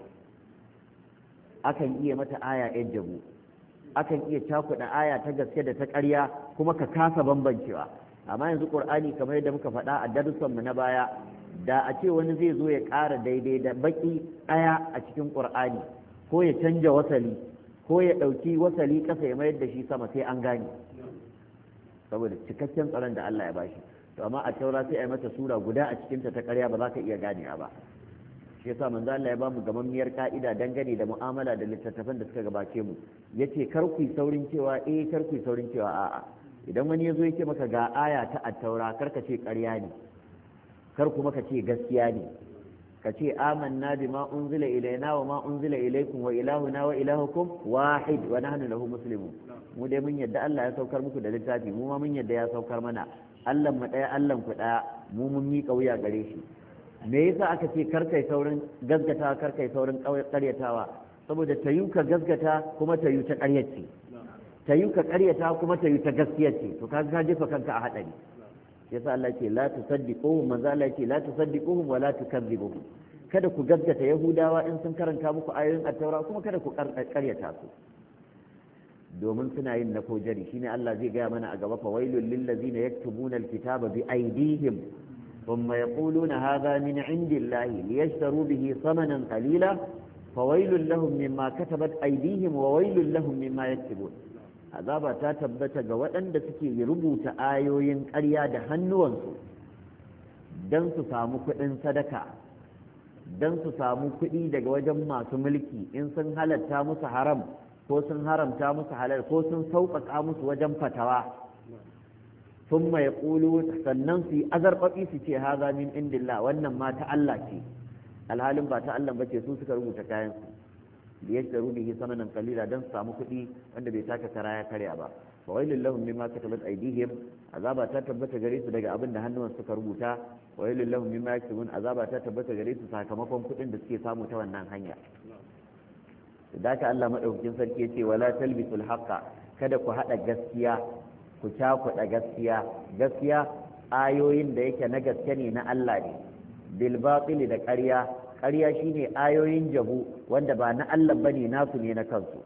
akan iya mata aya yan jabu akan iya cakuɗa aya ta gaske da ta ƙarya kuma ka kasa bambancewa amma yanzu ƙur'ani kamar yadda muka faɗa a darussan mu na baya da a ce wani zai zo ya ƙara daidai da baƙi ɗaya a cikin ƙur'ani ko ya canja wasali ko ya ɗauki wasali ƙasa ya mayar da shi sama sai an gane saboda cikakken tsaron da Allah ya bashi to amma a taura sai a yi mata sura guda a cikinta ta ƙarya ba za ka iya ganewa ba shi yasa manzo Allah ya ba mu gamammiyar ka'ida dangane da mu'amala da littattafan da suka gabace mu yace kar ku saurin cewa eh kar saurin cewa a'a idan wani yazo yake maka ga aya ta at-taura kar ce ƙarya ne kar kuma ka ce gaskiya ne ka ce amanna bima unzila ilaina wa ma unzila ilaikum wa ilahuna wa ilahukum wahid wa nahnu lahu muslimun mu dai mun yadda Allah ya saukar muku da littafi mu ma mun yadda ya saukar mana Allah mu daya Allah ku daya mu mun mika wuya gare shi me yasa aka ce karkai saurin gaskatawa karkai saurin karyatawa saboda tayu ka gaskata kuma tayu ta karyace tayu ka karyata kuma tayu ta gaskiya ce to kaga ka jefa kanka a hadari yasa Allah ce la tusaddiquhum manzo Allah ce la tusaddiquhum wa la tukadzibuhum kada ku gaggata yahudawa in sun karanta muku ayoyin at-taura kuma kada ku karyata su domin suna yin na kojari shine Allah zai gaya mana a gaba fa wailul lil ladzina yaktubuna al-kitaba bi aydihim thumma yaquluna hadha min indillahi liyashtaru bihi thamanan qalila فويل لهم مما كتبت أيديهم وويل لهم مما يكتبون azaba ta tabbata ga waɗanda suke rubuta ayoyin ƙarya da hannuwansu don su samu kuɗin sadaka don su samu kuɗi daga wajen masu mulki in sun halatta musu haram ko sun haramta musu halal ko sun sauƙaƙa musu wajen fatawa sun mai ƙulu sannan su yi azarɓaɓi su ce ha min indillah wannan ma ta Allah ce alhalin ba ta Allah ba ce su suka rubuta kayansu da ya taru bihi samanan kalila don su samu kuɗi wanda bai taka kara ya karya ba fa wailul lahum mimma katabat aydihim azaba ta tabbata gare su daga abin da hannuwan suka rubuta wa wailul lahum mimma yaksubun azaba ta tabbata gare su sakamakon kuɗin da suke samu ta wannan hanya da ka Allah madaukakin sarki yace wala talbisul haqqa kada ku hada gaskiya ku cakuɗa gaskiya gaskiya ayoyin da yake na gaske ne na Allah ne bil batili da ƙarya ƙarya shine ayoyin jabu wanda ba na Allah bane nasu ne na kansu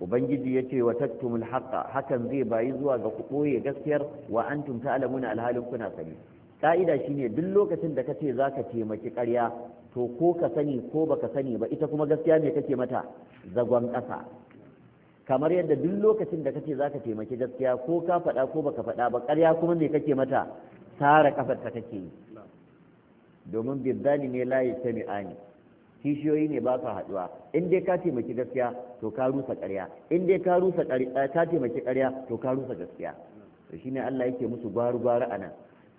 ubangiji ya ce wa tattumul haqqa hakan zai bayi zuwa ga ku ɓoye gaskiyar wa antum ta'lamuna alhalin kuna sani ka'ida shine duk lokacin da kace zaka taimaki ƙarya to ko ka sani ko baka sani ba ita kuma gaskiya me kake mata zagon ƙasa kamar yadda duk lokacin da kace zaka taimaki gaskiya ko ka faɗa ko baka faɗa ba ƙarya kuma me kake mata sara kafar kake yi domin bizzani ne layi ta mi'ani kishiyoyi ne ba sa haɗuwa in dai ka taimaki gaskiya to ka rusa ƙarya in dai ka rusa eh, ka taimaki ƙarya to ka rusa gaskiya to shine Allah yake musu gwaru gwaru nan?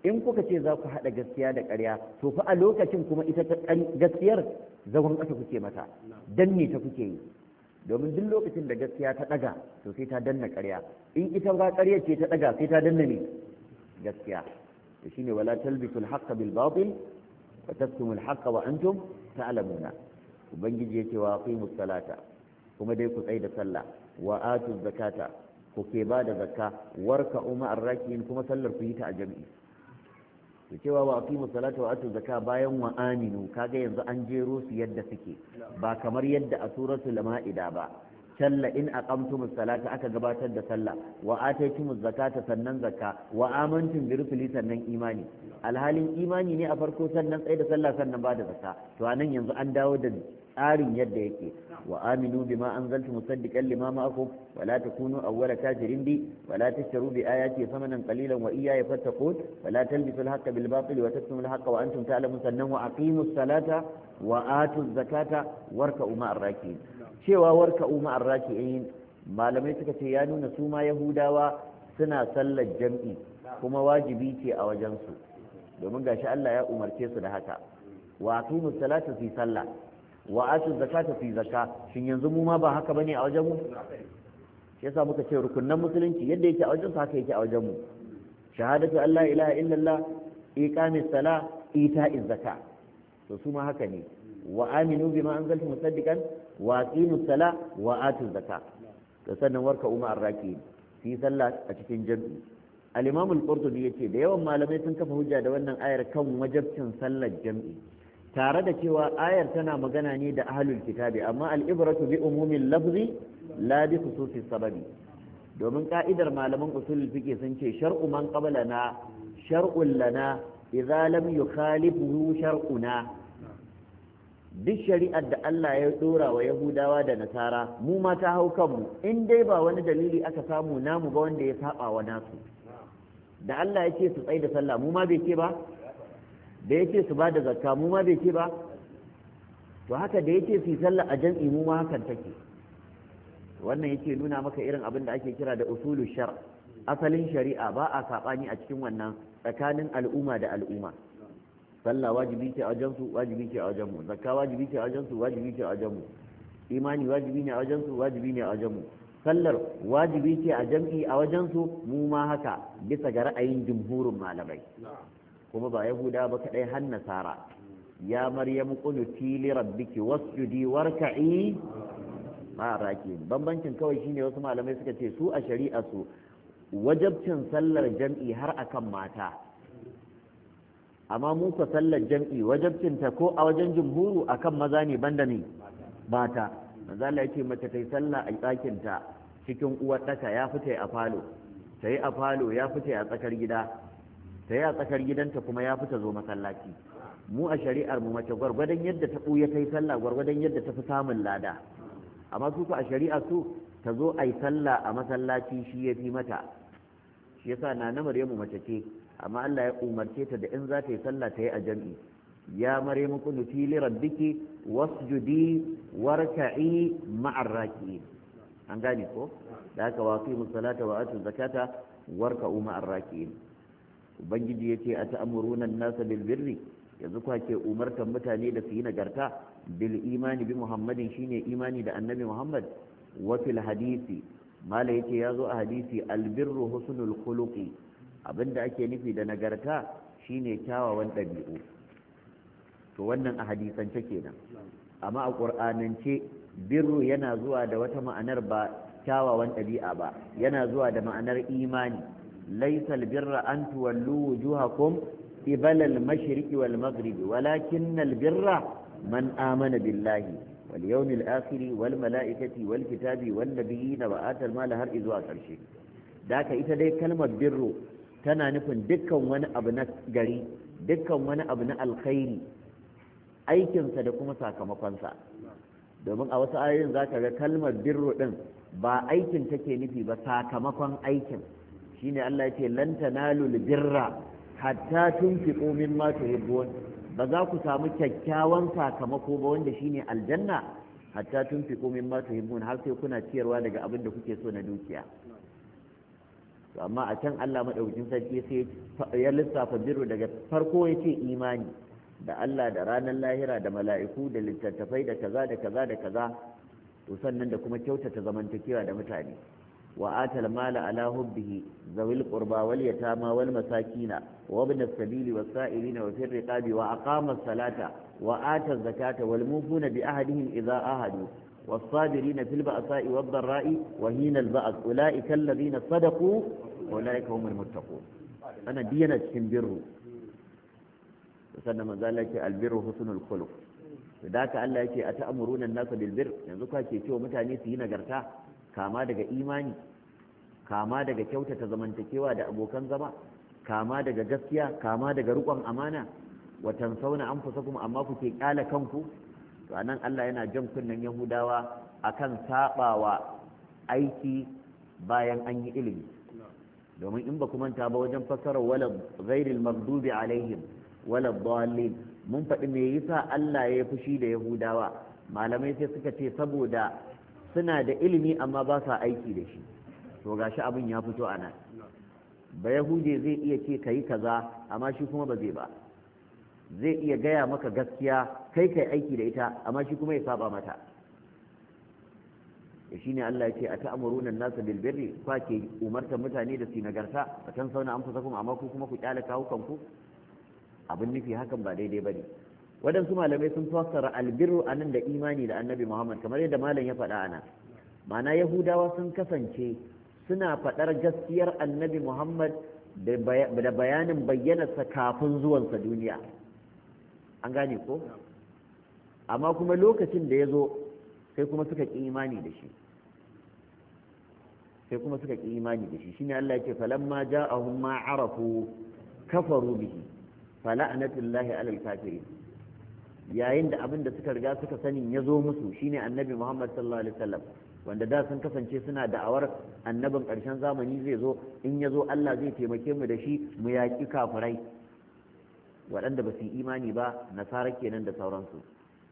in kuka ce za ku haɗa gaskiya da ƙarya to fa a lokacin kuma ita ta gaskiyar zagon ƙasa kuke mata ne ta kuke yi domin duk lokacin da gaskiya ta ɗaga to sai ta danna ƙarya in ita ba ƙarya ce ta ɗaga sai ta danna ne gaskiya to shine wala talbisul haqqa bil batil wa tasumul haqqa wa antum ta'lamuna ubangiji yake wa aqimus salata kuma dai ku tsai da sallah wa atu zakata ku ke ba da zakka warka umma arrakin kuma sallar ku yi ta a jami'i to cewa wa aqimu salata wa atu zakka bayan wa aminu kaga yanzu an jero su yadda suke ba kamar yadda a suratul ma'ida ba salla in aqamtumus salata aka gabatar da sallah wa ataytumuz zakata sannan zakka wa amantum bi rusuli sannan imani alhalin imani ne a farko sannan tsaye da sallah sannan bada zakka to anan yanzu an dawo da tsarin yadda yake wa aminu bima anzaltu musaddiqan lima ma'akum wa la takunu awwala kafirin bi wa la tashtaru bi ayati thamanan qalilan wa iyaya fattaqun wa la talbisul haqqo bil batil wa taktumul haqqo wa antum ta'lamun sannan wa aqimus salata wa atuz zakata warka'u cewa warka umma arraki'in malamai suka ce ya nuna su ma yahudawa suna sallar jam'i kuma wajibi ce a wajensu domin gashi Allah ya umarce su da haka wa aqimu salata fi sallah wa atu zakata fi zakka shin yanzu mu ma ba haka bane a wajen mu yasa muka ce rukunnan musulunci yadda yake a wajen haka yake a wajen mu shahadatu an la ilaha illallah iqamis sala ita'iz zakka to su ma haka ne wa aminu bima anzalta musaddiqan wa aqimu sala wa atu zakat to sannan warka umma arraki fi sallah a cikin jam'i. alimamul imam al-qurtubi yace da yawan malamai sun kafa hujja da wannan ayar kan wajabcin sallar jam'i. tare da cewa ayar tana magana ne da ahlul kitabi amma al-ibratu bi umumil lafzi la bi khususis sababi domin ka'idar malaman usulul fiqh sun ce shar'u man qablana shar'un lana idza lam yukhalifu shar'una duk shari'ar da Allah ya dora wa Yahudawa da Nasara mu ma ta hau kanmu in dai ba wani dalili aka samu namu ba wanda ya saba wa nasu da Allah ya ce su tsaye da sallah mu ma bai ce ba da ya ce su ba da zakka mu ma bai ce ba to haka da ya ce su yi sallah a jam'i mu ma hakan take wannan yake nuna maka irin abin da ake kira da usulu shar asalin shari'a ba a ni a cikin wannan tsakanin al'umma da al'umma sallah wajibi ce a wajensu wajibi ce a wajenmu zakka wajibi ce a wajensu wajibi ce a wajenmu imani wajibi ne a wajensu wajibi ne a wajenmu sallar wajibi ce a jam'i a wajensu mu ma haka bisa ga ra'ayin jumhurin malamai kuma ba yahuda ba kadai har nasara ya maryamu qunuti li rabbiki wasjudi warka'i ma raki bambancin kawai shine wasu malamai suka ce su a shari'a su wajabcin sallar jam'i har akan mata amma mu ko sallar jam'i wajabcinta ko a wajen jumhuru akan maza ne banda ne mata manzo Allah yake mace tai sallah a ɗakin ta cikin uwar ɗaka ya fita a falo yi a falo ya fita a tsakar gida yi a tsakar gidanta kuma ya fita zo masallaci mu a shari'ar mu mace gwargwadon yadda ta ɓuya ta yi sallah gwargwadon yadda ta fi samun lada amma su ku a shari'a su ta zo a yi sallah a masallaci shi ya fi mata shi yasa na namar maryamu mace ce amma Allah ya umarce ta da in za ta yi sallah ta yi a jam'i ya mare muku nufi li rabbiki wasjudi warka'i ma'ar an gane ko da haka wa musalata wa atu zakata warka'u ma'ar bangiji ubangiji yace a ta'amuruna an-nasa bil birri yanzu kwa ke umartan mutane da su yi nagarta bil imani bi muhammadin shine imani da annabi muhammad wa fil hadisi mala yace yazo a hadisi al birru husnul khuluqi Abin da ake nufi da nagarta shine kyawawan ɗabi'u to wannan a hadisance kenan amma a ƙur'anance birru yana zuwa da wata ma'anar ba kyawawan ɗabi'a ba yana zuwa da ma'anar imani laisal birra an tuwallu wujuhakum ibalal mashriqi wal maghribi walakinnal birra man amana billahi wal kitabi والملائكة والكتاب والنبيين وآتى المال هر إذوا كرشي daka ita dai kalmar birru. tana nufin dukkan wani abu na gari dukkan wani abu na alkhairi aikinsa da kuma sakamakonsa domin a wasu ayoyin za ka ga kalmar birro ɗin ba aikin take nufi ba sakamakon aikin shine Allah ya ce lan tanalu birra hatta tunfiqu mimma tuhibbun ba za ku samu kyakkyawan sakamako ba wanda shine aljanna hatta tunfiqu mimma tuhibbun har sai kuna ciyarwa daga abin da kuke so na dukiya amma a can Allah maɗaukin sarki sai ya lissafa biro daga farko ya ce imani da Allah da ranar lahira da mala'iku da littattafai da kaza da kaza da kaza to sannan da kuma kyautata zamantakewa da mutane wa atal mala ala hubbihi zawil qurba wal yatama wal masakina wa ibn as-sabili was sa'ilina wa fir riqabi wa aqama as-salata wa ata az-zakata wal mufuna bi ahadihim idha ahadu والصابرين في البأساء والضراء وهين البأس أولئك الذين صدقوا وأولئك هم المتقون أنا دينا cikin birru sannan manzo Allah yake albirru husnul khuluq da haka Allah yake ata'muruna an-nasa bil birr yanzu ka ce mutane su yi nagarta kama daga imani kama daga kyautata zamantakewa da abokan zama kama daga gaskiya kama daga rukon amana wa tansawna anfusakum amma kuke kyala kanku to anan Allah yana jan kunnen Yahudawa akan sabawa aiki bayan an yi ilimi domin in ba ku manta ba wajen fassara wala ghairil maghdubi alaihim wala dallin mun faɗi me yasa Allah ya fushi da Yahudawa malamai sai suka ce saboda suna da ilimi amma ba sa aiki da shi to gashi abin ya fito anan ba yahude zai iya ce kayi kaza amma shi kuma ba zai ba zai iya gaya maka gaskiya kai kai aiki da ita amma shi kuma ya saba mata da shi ne Allah ya ce a ta'amuruna an-nasa bil birri kwa ke umarta mutane da su nagarta a can sauna an kuma amma ku kuma ku kyale kawo kanku abin nufi hakan ba daidai ba ne. wadansu malamai sun fassara albirru anan da imani da annabi Muhammad kamar yadda malam ya faɗa ana ma'ana yahudawa sun kasance suna faɗar gaskiyar annabi Muhammad da bayanin bayyanarsa kafin zuwansa duniya an gane ko amma kuma lokacin da ya zo sai kuma suka ƙi imani da shi sai kuma suka ƙi imani da shi shine Allah yake falamma ja'ahum ma arafu kafaru bihi fala'natullahi alal kafirin yayin da abin da suka riga suka sanin ya zo musu shine annabi Muhammad sallallahu alaihi wasallam wanda da sun kasance suna da'awar annabin ƙarshen zamani zai zo in ya zo Allah zai taimake mu da shi mu yaƙi kafirai waɗanda ba su yi imani ba nasara kenan da sauransu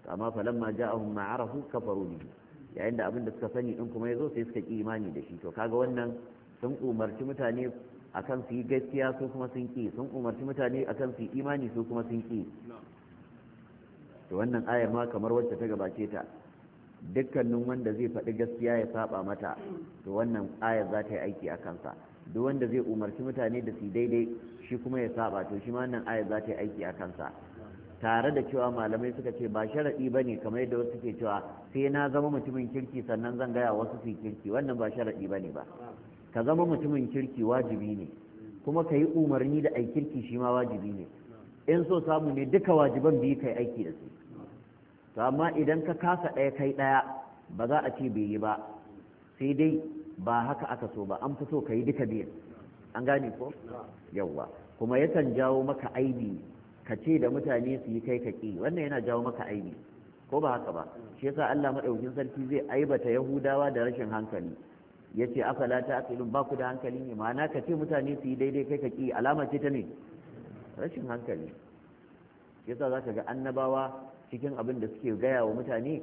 amma falamma ja'ahum ma'arahu kafaru bihi yayin da abin da suka sani din kuma yazo sai suka ki imani da shi to kaga wannan sun umarci mutane akan su yi gaskiya su kuma sun ki sun umarci mutane akan su yi imani su kuma sun ki to wannan ayar ma kamar wacce ta gabace ta dukkanin wanda zai faɗi gaskiya ya saba mata to wannan ayar za ta yi aiki a kansa duk wanda zai umarci mutane da su daidai shi kuma ya saba to shi ma nan ayar za ta yi aiki a kansa tare da cewa malamai suka ce ba sharaɗi ba ne kamar yadda wasu ke cewa sai na zama mutumin kirki sannan zan gaya wasu su kirki wannan ba sharaɗi ba ne ba ka zama mutumin kirki wajibi ne kuma ka yi umarni da ai kirki shi ma wajibi ne in so samu ne duka wajiban biyu kai aiki da su to amma idan ka kasa ɗaya kai ɗaya ba za a ce bai yi ba sai dai ba haka aka so ba an fi so ka yi duka biyan an gane ko yawwa kuma yakan jawo maka aibi ka ce da mutane su yi kai kaki wannan yana jawo maka aibi ko ba haka ba shi yasa Allah madaukin sarki zai aibata Yahudawa da rashin hankali yace afala ta'qilun ba ku da hankali ne ma'ana ka ce mutane su yi daidai kai kaki alama ce ta ne rashin hankali shi yasa zaka ga annabawa cikin abin da suke gaya wa mutane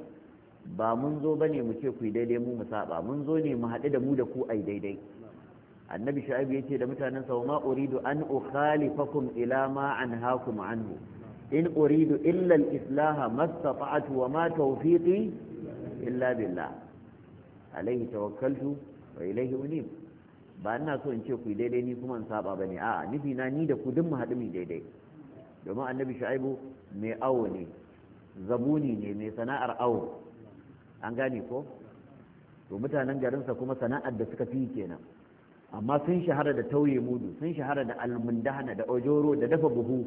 ba mun zo bane mu ce ku yi daidai mu mu saba mun zo ne mu haɗu da mu da ku ai daidai annabi ya ce da mutanen sa ma uridu an ukhalifakum ila ma anhaakum anhu in uridu illa al-islaha mastata'tu wa ma tawfiqi illa billah alayhi tawakkaltu wa ilayhi unib ba ina so in ce ku daidai ni kuma in saba bane a'a nufi na ni da ku duk mu haɗu mu daidai domin annabi shu'aibu mai awo ne zabuni ne mai sana'ar awo an gane ko to mutanen garinsa kuma sana'ar da suka fi kenan amma sun shahara da tauye mudu sun shahara da almundahana da ojoro da dafa buhu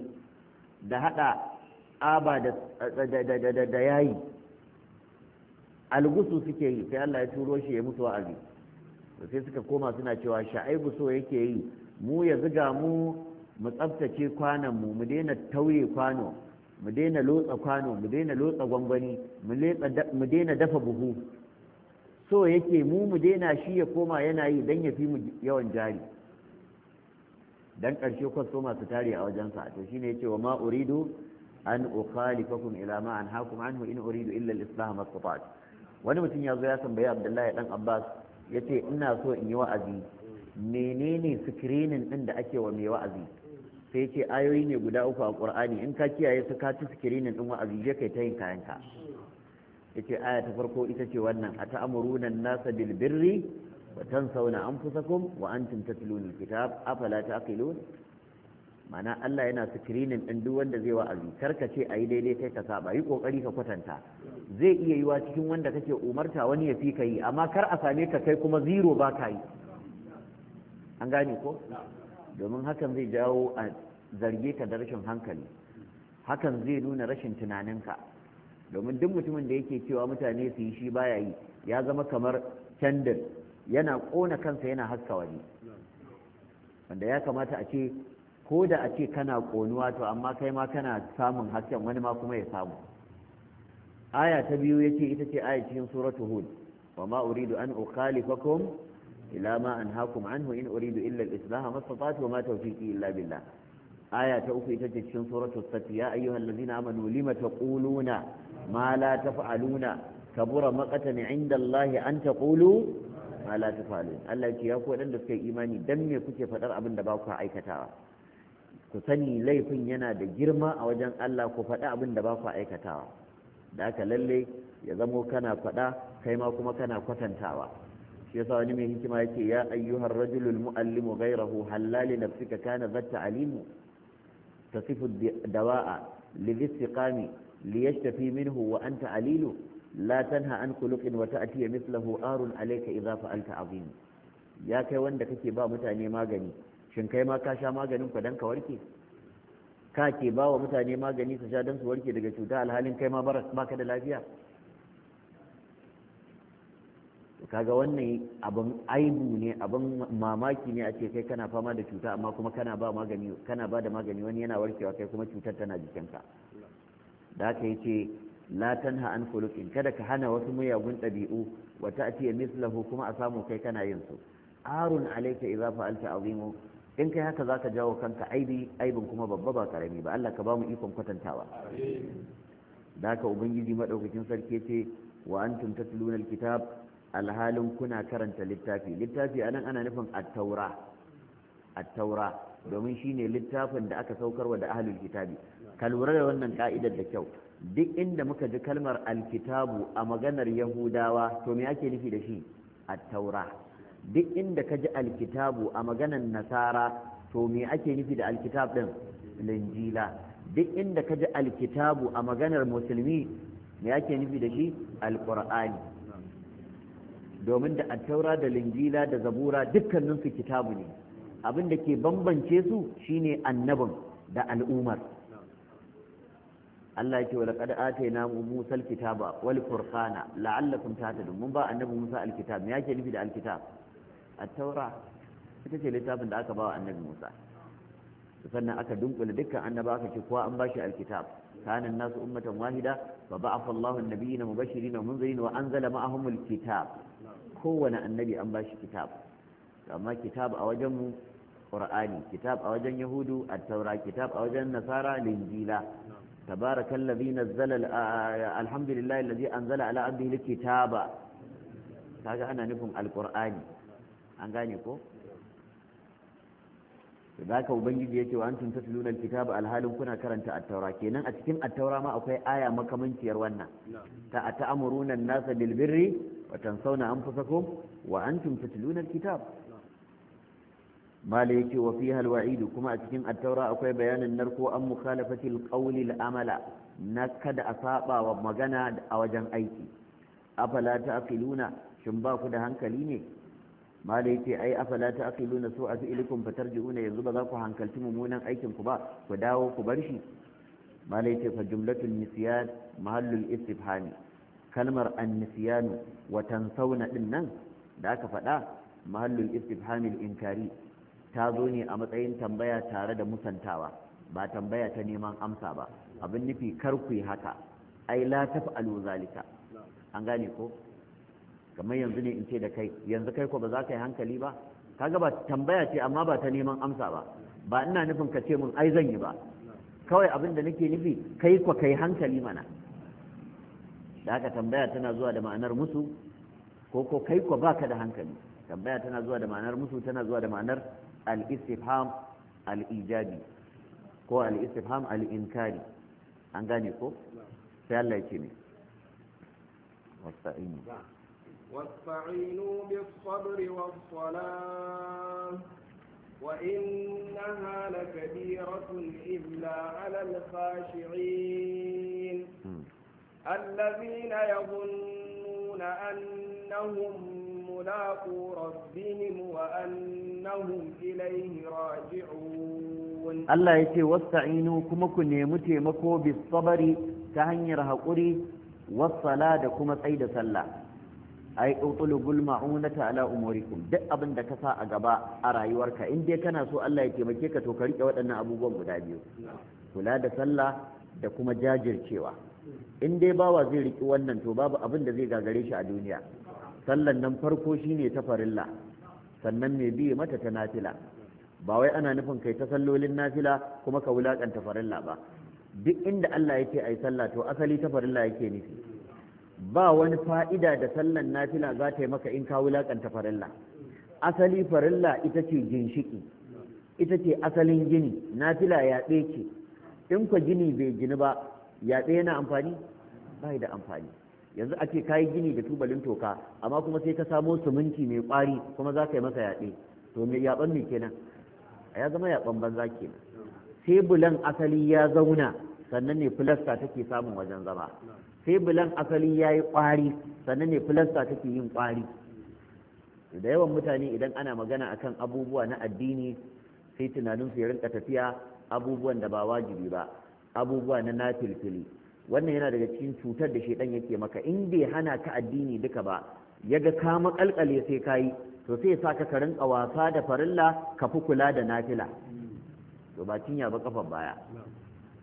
da hada aba da yayi algusu suke yi sai Allah ya turo shi ya mutu wa'azi sai suka koma suna cewa sha'aibu so yake yi mu ya ziga mu mu tsabtace kwanan mu mu daina tauye kwano mu daina lotsa kwano mu daina lotsa gwangwani mu daina dafa buhu so yake mu mu daina shi ya koma yana yi don ya fi mu yawan jari dan ƙarshe kwasto masu tare a wajensa to shine yace wa ma uridu an ukhalifakum ila ma hakum anhu in uridu illa al-islah mastata wani mutum ya zo ya tambayi Abdullahi dan Abbas yace ina so in yi wa'azi menene screening din da ake wa mai wa'azi sai yace ayoyi ne guda uku a Qur'ani in ka kiyaye su ka ci screening din wa'azi je kai ta yin kayanka yace aya ta farko ita ce wannan ata an-nasa bil birri wa tansawna anfusakum wa antum tatluna al-kitab afala taqilun mana Allah yana screening din duk wanda zai wa'azi karka ce ayi daidai kai ka saba yi kokari ka kwatanta zai iya yiwa cikin wanda kake umarta wani ya fi ka yi amma kar a same ka kai kuma zero ba ka yi an gane ko domin hakan zai jawo a zarge ka da rashin hankali hakan zai nuna rashin tunaninka domin duk mutumin da yake cewa mutane su yi shi baya yi ya zama kamar candle yana kona kansa yana haska waje wanda ya kamata a ce ko da a ce kana konuwa to amma kai ma kana samun hasken wani ma kuma ya samu aya ta biyu yace ita ce aya cikin suratu hud wa ma uridu an ukhalifakum ila ma anhaakum anhu in uridu illa al-islaha mastata'tu wa ma tawfiqi illa billah aya ta uku ita ce cikin suratu safiya ayyuhallazina amanu lima taquluna ma la taf'aluna kabura maqatan inda Allah an taqulu ma la taf'alun Allah ya ku wadanda suka yi imani dan mai kuke faɗar abin da ba ku aikatawa ku sani laifin yana da girma a wajen Allah ku faɗa abinda da ba aikatawa da aka lalle ya zamo kana faɗa kai ma kuma kana kwatantawa shi yasa wani mai hikima yake ya ayyuhar rajulul muallimu ghayrahu halali nafsika kana zatta alimu tasifu wa'a lidhi istiqami ليشتفي منه wa anta لا la عن an وتأتي مثله آر عليك إذا alayka عظيم يا azim ya kai wanda kake ba mutane magani shin kai ma ka sha maganin ku dan ka warke ka ke ba mutane magani su sha dan su warke daga cuta alhalin kai kaga wannan abin aibu ne abin mamaki ne a ce kai kana fama da cuta amma kuma kana ba magani kana ba da magani wani yana warkewa kai kuma cutar tana jikinka da aka yi ce la tanha an khuluqin kada ka hana wasu muyagun ɗabi'u wa ta'ti mislahu kuma a samu kai kana yin su arun alayka idza fa'alta azimu in kai haka zaka jawo kanka aibi aibin kuma babba ba karami ba Allah ka ba mu ikon kwatantawa da ka ubangiji madaukakin sarki ce wa antum tatluna alkitab alhalin kuna karanta littafi littafi anan ana nufin at-taura at-taura domin shine littafin da aka saukarwa da ahlul kitabi ka lura da wannan ka'idar da kyau duk inda muka ji kalmar alkitabu a maganar yahudawa to me ake nufi da shi A taura duk inda ka ji alkitabu a maganar nasara to me ake nufi da alkitab din linjila duk inda ka ji alkitabu a maganar musulmi me ake nufi da shi Alƙur'ani domin da attaura da linjila da zabura dukkaninsu kitabu ne abin da ke bambance su shine annabin da al'umar Allah yake wala qad atayna Musa al-kitaba wal furqana la'allakum tahtadun mun ba annabi Musa al me yake nufi da al at-taura ita ce littafin da aka ba wa annabi Musa sannan aka dunkula dukkan annaba aka ce kowa an bashi al-kitab kana nasu ummatan wahida fa ba'atha Allahu an-nabiyina mubashirin wa munzirin wa anzala ma'ahum al-kitab kowane annabi an bashi kitab amma kitab a wajen mu Qur'ani kitab a wajen Yahudu at-taura kitab a wajen Nasara linjila تبارك الذي نزل الحمد لله الذي أنزل على عبده الكتاب ana nufin alkur'ani an gane ko da ka ubangiji yake wa antum tatluna alkitaba alhalin kuna karanta at kenan a cikin at ma akwai aya makamanciyar wannan ta ta'amuruna an-nasa bil birri wa an anfusakum wa antum tatluna alkitab mala yace wa fiha alwa'id kuma a cikin attaura akwai bayanin narko an mukhalafati alqawli amala na kada a saba wa magana a wajen aiki afala ta'qiluna shin ba ku da hankali ne mala yace ai afala ta'qiluna su a fi'likum fatarji'una yanzu ba za ku hankalci mummunan aikin ku ba ku dawo ku bar shi mala yace fa jumlatul nisyan mahallul istifhami kalmar annisiyanu wa tansawna din nan da aka faɗa mahallul istifhamil inkari ta zo ne a matsayin tambaya tare da musantawa ba tambaya ta neman amsa ba abin nufi kar ku yi haka ai la taf'alu zalika an gane ko kamar yanzu ne in ce da kai yanzu kai ko ba za ka yi hankali ba kaga ba tambaya ce amma ba ta neman amsa ba ba ina nufin ka ce mun ai zan yi ba kawai abin da nake nufi kai ko kai hankali mana da haka tambaya tana zuwa da ma'anar musu ko ko kai ko baka da hankali tambaya tana zuwa da ma'anar musu tana zuwa da ma'anar al-istifham al ko al-istifham inkari an gane ko sai Allah yake ne wasta'inu wasta'inu bis-sabri was-salah وإنها لكبيرة إلا على الخاشعين الذين يظنون أنهم ملاقو ربهم وأنهم إليه راجعون الله يتي واستعينوا كما كن يمتي مكو بالصبر تهنير هقري والصلاة كما سيد صلى ai utulubul ma'unata ala umurikum duk abin ka sa a gaba a rayuwarka in dai kana so Allah ya taimake ka to ka rike waɗannan abubuwan guda biyu kula da sallah da kuma jajircewa in dai bawa zai riƙe wannan to babu abin da zai gagare shi a duniya sallan nan farko shine ta farilla sannan mai biye mata ta nafila ba wai ana nufin kai ta sallolin nafila kuma ka wulakanta farilla ba duk inda Allah yake yi sallah to asali ta farilla yake nufi ba wani fa'ida da sallan nafila za ta yi maka in ka wulakanta farilla asali farilla ita ce ginshiki ita ce asalin gini nafila yaɗe ce in ku gini bai gini ba yaɗe yana amfani bai da amfani yanzu ake kayi gini da tubalin toka amma kuma sai ka samo siminti mai kwari kuma za ka yi masa yaɗe to mai yaɓan me kenan a ya zama yaɓan banza kenan sai bulan asali ya zauna sannan ne filasta take samun wajen zama sai asali ya yi kwari sannan ne filasta take yin kwari da yawan mutane idan ana magana akan abubuwa na addini sai tunanin ya rinka tafiya abubuwan da ba wajibi ba abubuwa na nafilfili wannan yana daga cikin cutar da shaidan yake maka in bai hana ka addini duka ba ya ga ka makalkale sai ka yi to sai sa ka karin wasa da farilla ka fi kula da nafila to ba cinya ba kafan baya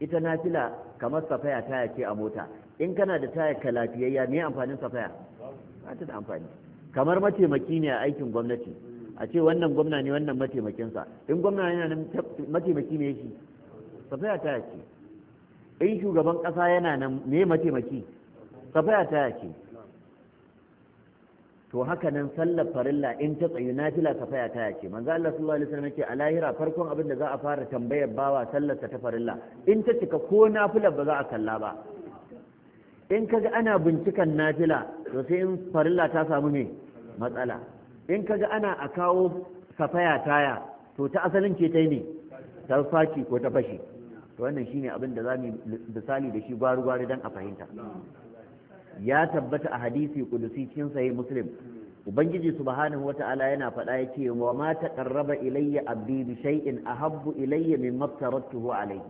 ita nafila kamar safaya taya ce a mota in kana da taya ka lafiyayya me amfanin safaya ba ta da amfani kamar mataimaki ne a aikin gwamnati a ce wannan gwamna ne wannan mataimakinsa in gwamna yana mataimaki ne shi safaya taya ce in shugaban ƙasa yana nan me mataimaki safaya ta ce to haka nan sallar farilla in ta tsayu nafila safaya ta ce manzo Allah sallallahu alaihi wasallam ce a lahira farkon abin da za a fara tambayar bawa sallar ta farilla in ta cika ko nafilar ba za a kalla ba in kaga ana bincikan nafila to sai in farilla ta samu ne matsala in kaga ana a kawo safaya taya to ta asalin ce ta ne ta faci ko ta fashe to wannan shine abin da zamu misali da shi gwaru gwaru dan a fahimta ya tabbata a hadisi kudusi cikin sahih muslim ubangiji subhanahu wata'ala yana faɗa ce wa ma taqarraba ilayya abdi bi shay'in ahabbu ilayya mimma tarattuhu alayhi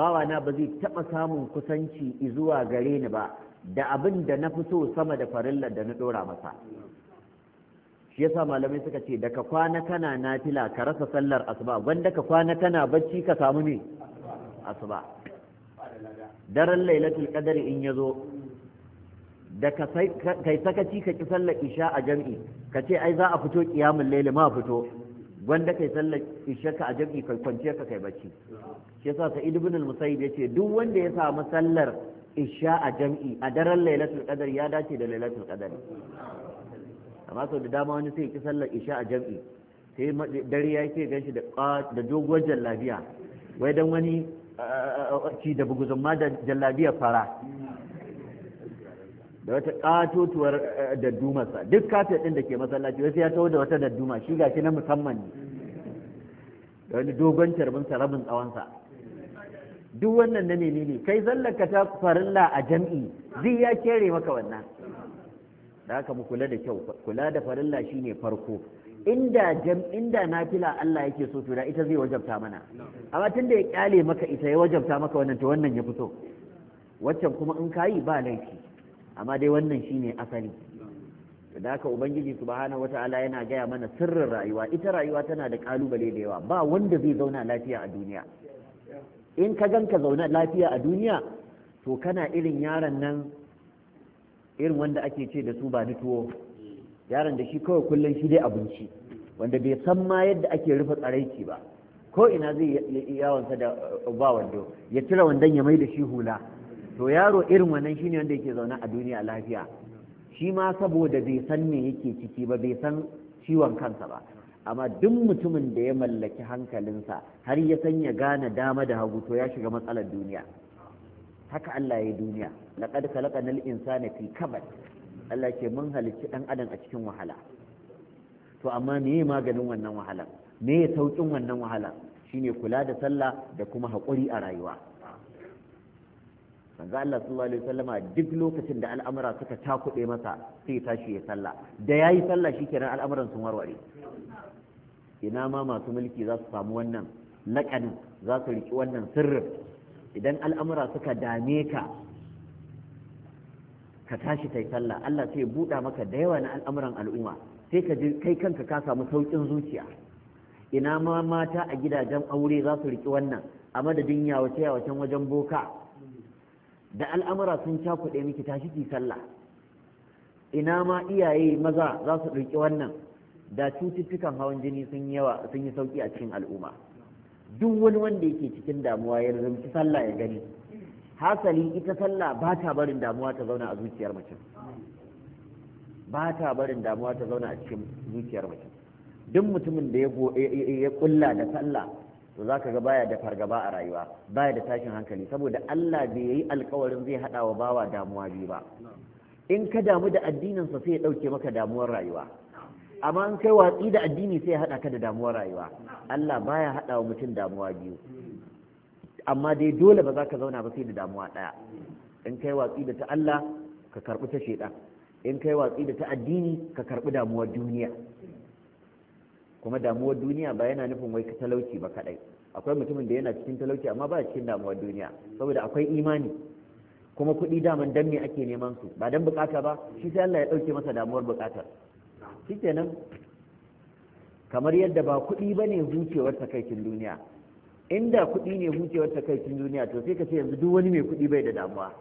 bawa na ba zai taɓa samun kusanci zuwa gare ni ba da abin da na fi so sama da farillar da na ɗora masa shi yasa malamai suka ce daga kwana kana nafila ka rasa sallar asuba wanda ka kwana kana bacci ka samu ne asuba daren lailatul qadari in yazo da ka kai sakaci ka ki sallar isha a jam'i ka ce ai za a fito kiyamul laili ma fito wanda kai sallar isha ka a jam'i kai kwance ka kai bacci shi yasa sa'id ibn al-musayyib yace duk wanda ya samu sallar isha a jam'i a daren lailatul qadar ya dace da lailatul qadar amma sau da dama wani sai ki sallar isha a jam'i sai dare ya ke ganshi da da doguwar jallabiya wai dan wani ci da buguzun ma da jallabiya fara da wata katotuwar eh, daddumarsa duk kafet ɗin da ke masallaci wasu ya tawo da wata dadduma shi shi na musamman ne da wani dogon carbin rabin tsawonsa duk wannan na menene kai zallaka ta farilla a jam'i zai ya kere maka wannan da haka mu kula da kyau kula da farilla ne farko inda jam inda nafila Allah yake so to da ita zai wajabta mana amma tunda ya kyale maka ita ya wajabta maka wannan to wannan ya fito waccan kuma in kayi ba laifi amma dai wannan shine asali da haka ubangiji subhanahu wata'ala yana gaya mana sirrin rayuwa ita rayuwa tana da kalubale da yawa ba wanda zai zauna lafiya a duniya in ka ganka zauna lafiya a duniya to kana irin yaran nan irin wanda ake ce da su ba nituwo. yaron da shi kawai kullum shi dai abinci wanda bai san ma yadda ake rufe tsaraici ba ko ina zai yawonsa da uh, ba wando ya cire wandon ya mai da shi hula to yaro irin wannan shine wanda yake zaune a duniya lafiya shi ma saboda bai san me yake ciki ba bai san ciwon kansa ba amma duk mutumin da ya mallaki hankalinsa har ya san ya gane dama da hagu to ya shiga matsalar duniya haka Allah ya yi duniya laqad khalaqnal insana fi kabad Allah ke mun halicci ɗan adam a cikin wahala to amma me ya maganin wannan wahalar me ya sauƙin wannan wahala shine kula da sallah da kuma haƙuri a rayuwa manzo Allah sallallahu alaihi wasallama duk lokacin da al'amura suka cakuɗe masa sai tashi ya sallah da yayi sallah shikenan al'amuran sun warware ina ma masu mulki za su samu wannan laƙanin za su riki wannan sirrin idan al'amura suka dame ka ka tashi yi sallah Allah sai ya buɗa maka da yawa na al'amuran al'umma sai ka ji kai kanka ka samu sauƙin zuciya ina ma mata a gidajen aure za su riƙi wannan a madadin yawace yawacen wajen boka da al'amura sun kuɗe miki tashi ki sallah ina ma iyaye maza za su riƙi wannan da cututtukan hawan jini sun yawa sun yi sauƙi a cikin al'umma duk wani wanda yake cikin damuwa ya rinci sallah ya gani hasali ita sallah ba ta barin damuwa ta zauna a zuciyar mace ba ta barin damuwa ta zauna a cikin zuciyar mace duk mutumin da ya kulla da sallah to za ka ga baya da fargaba a rayuwa baya da tashin hankali saboda Allah bai yi alkawarin zai hada wa bawa damuwa biyu ba in ka damu da addininsa sai ya dauke maka damuwar rayuwa amma in kai watsi da addini sai ya hada ka da damuwar rayuwa Allah baya hada wa mutum damuwa biyu amma dai dole ba za ka zauna ba sai da damuwa ɗaya in kai watsi da ta Allah ka karɓi ta shaiɗan in kai watsi da ta addini ka karɓi damuwar duniya kuma damuwar duniya ba yana nufin wai ka talauci ba kaɗai akwai mutumin da yana cikin talauci amma ba cikin damuwar duniya saboda akwai imani kuma kuɗi daman dan me ake neman su ba dan bukata ba shi sai Allah ya ɗauke masa damuwar bukatar shikenan kamar yadda ba kuɗi bane ne zuciyar takaicin duniya inda kuɗi ne hucewar ta kai duniya to sai ka ce yanzu duk wani mai kuɗi bai da damuwa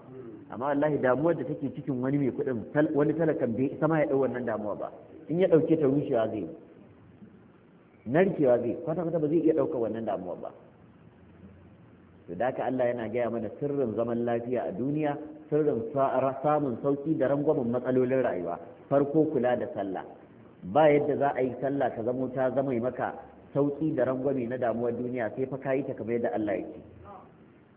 amma wallahi damuwar da take cikin wani mai kuɗin wani talakan bai isa ya ɗau wannan damuwa ba in ya ɗauke ta rushewa zai narkewa zai kwata-kwata ba zai iya ɗaukar wannan damuwa ba to da Allah yana gaya mana sirrin zaman lafiya a duniya sirrin samun sauki da rangwamen matsalolin rayuwa farko kula da sallah ba yadda za a yi sallah ta zamo ta zama maka sauki da rangwame na damuwar duniya sai fa kayi ta kamar yadda Allah yake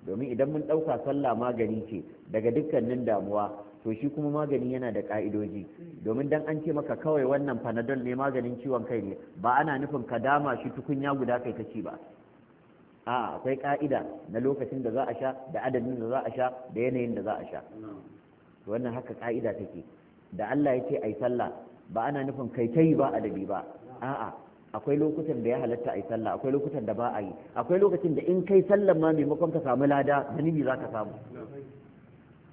domin idan mun ɗauka sallah magani ce daga dukkanin damuwa to shi kuma magani yana da ka'idoji domin dan an ce maka kawai wannan panadol ne maganin ciwon kai ne ba ana nufin ka dama shi tukunya guda kai ka ci ba a akwai ka'ida na lokacin da za a sha da adadin da za a sha da yanayin da za a sha wannan haka ka'ida take da Allah ya ce ai sallah ba ana nufin kai ta ba adabi ba a'a akwai lokutan da ya halatta a yi sallah akwai lokutan da ba a yi akwai lokacin da in kai sallar ma maimakon ka samu lada zunubi za ka samu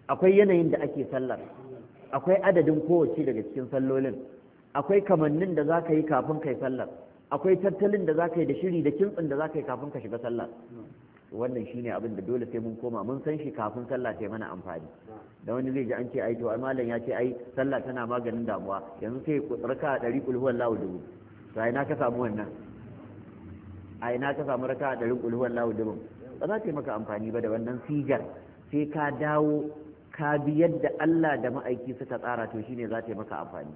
akwai yanayin da ake sallar akwai adadin kowace daga cikin sallolin akwai kamannin da za ka yi kafin kai sallar akwai tattalin da za ka yi da shiri da kintsin da za ka yi kafin ka shiga sallar wannan shine abin da dole sai mun koma mun san shi kafin sallah ta mana amfani da wani zai ji an ce ai to ai ya ce ai sallah tana maganin damuwa yanzu sai ku tsarka a ɗari kulhuwan lawo dubu to ina ka samu wannan a ina ka samu raka a ɗarin ƙulhuwan lawo ba za ta yi maka amfani ba da wannan sigar sai ka dawo ka bi yadda Allah da ma'aiki suka tsara to shine za ta yi maka amfani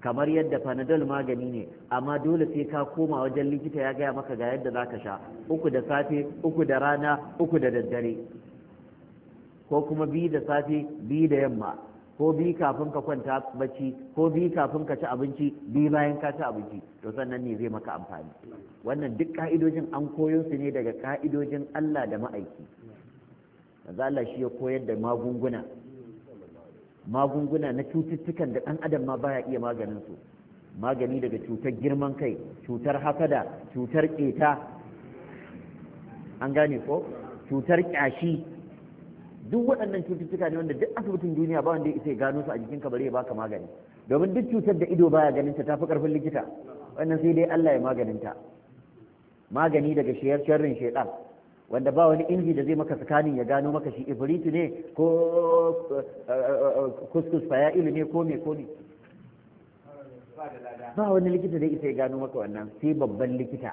kamar yadda panadol magani ne amma dole sai ka koma wajen likita ya gaya maka ga yadda za ka sha uku da safe uku da rana uku da daddare ko kuma biyu da safe biyu da yamma ko bi kafin ka kwanta bacci ko bi kafin ka ci abinci bi bayan ka ci abinci to sannan ne zai maka amfani wannan duk ka'idojin an koyo su ne daga ka'idojin Allah da ma'aiki manzo Allah shi ya koyar da magunguna magunguna na cututtukan da ɗan adam ma baya iya maganin su magani daga cutar girman kai cutar hafada cutar keta an gane ko cutar kyashi duk waɗannan cututtuka ne wanda duk asibitin duniya ba wanda ya isa ya gano su a jikinka bare ya baka magani domin duk cutar da ido baya ganin ta tafi karfin likita wannan sai dai Allah ya maganin ta magani daga shiyar sharrin shaidan wanda ba wani inji da zai maka tsakanin ya gano maka shi ifritu ne ko kuskus eh, eh, eh, ilu ne ko me ko ne ba wani likita da isa ya gano maka wannan sai babban likita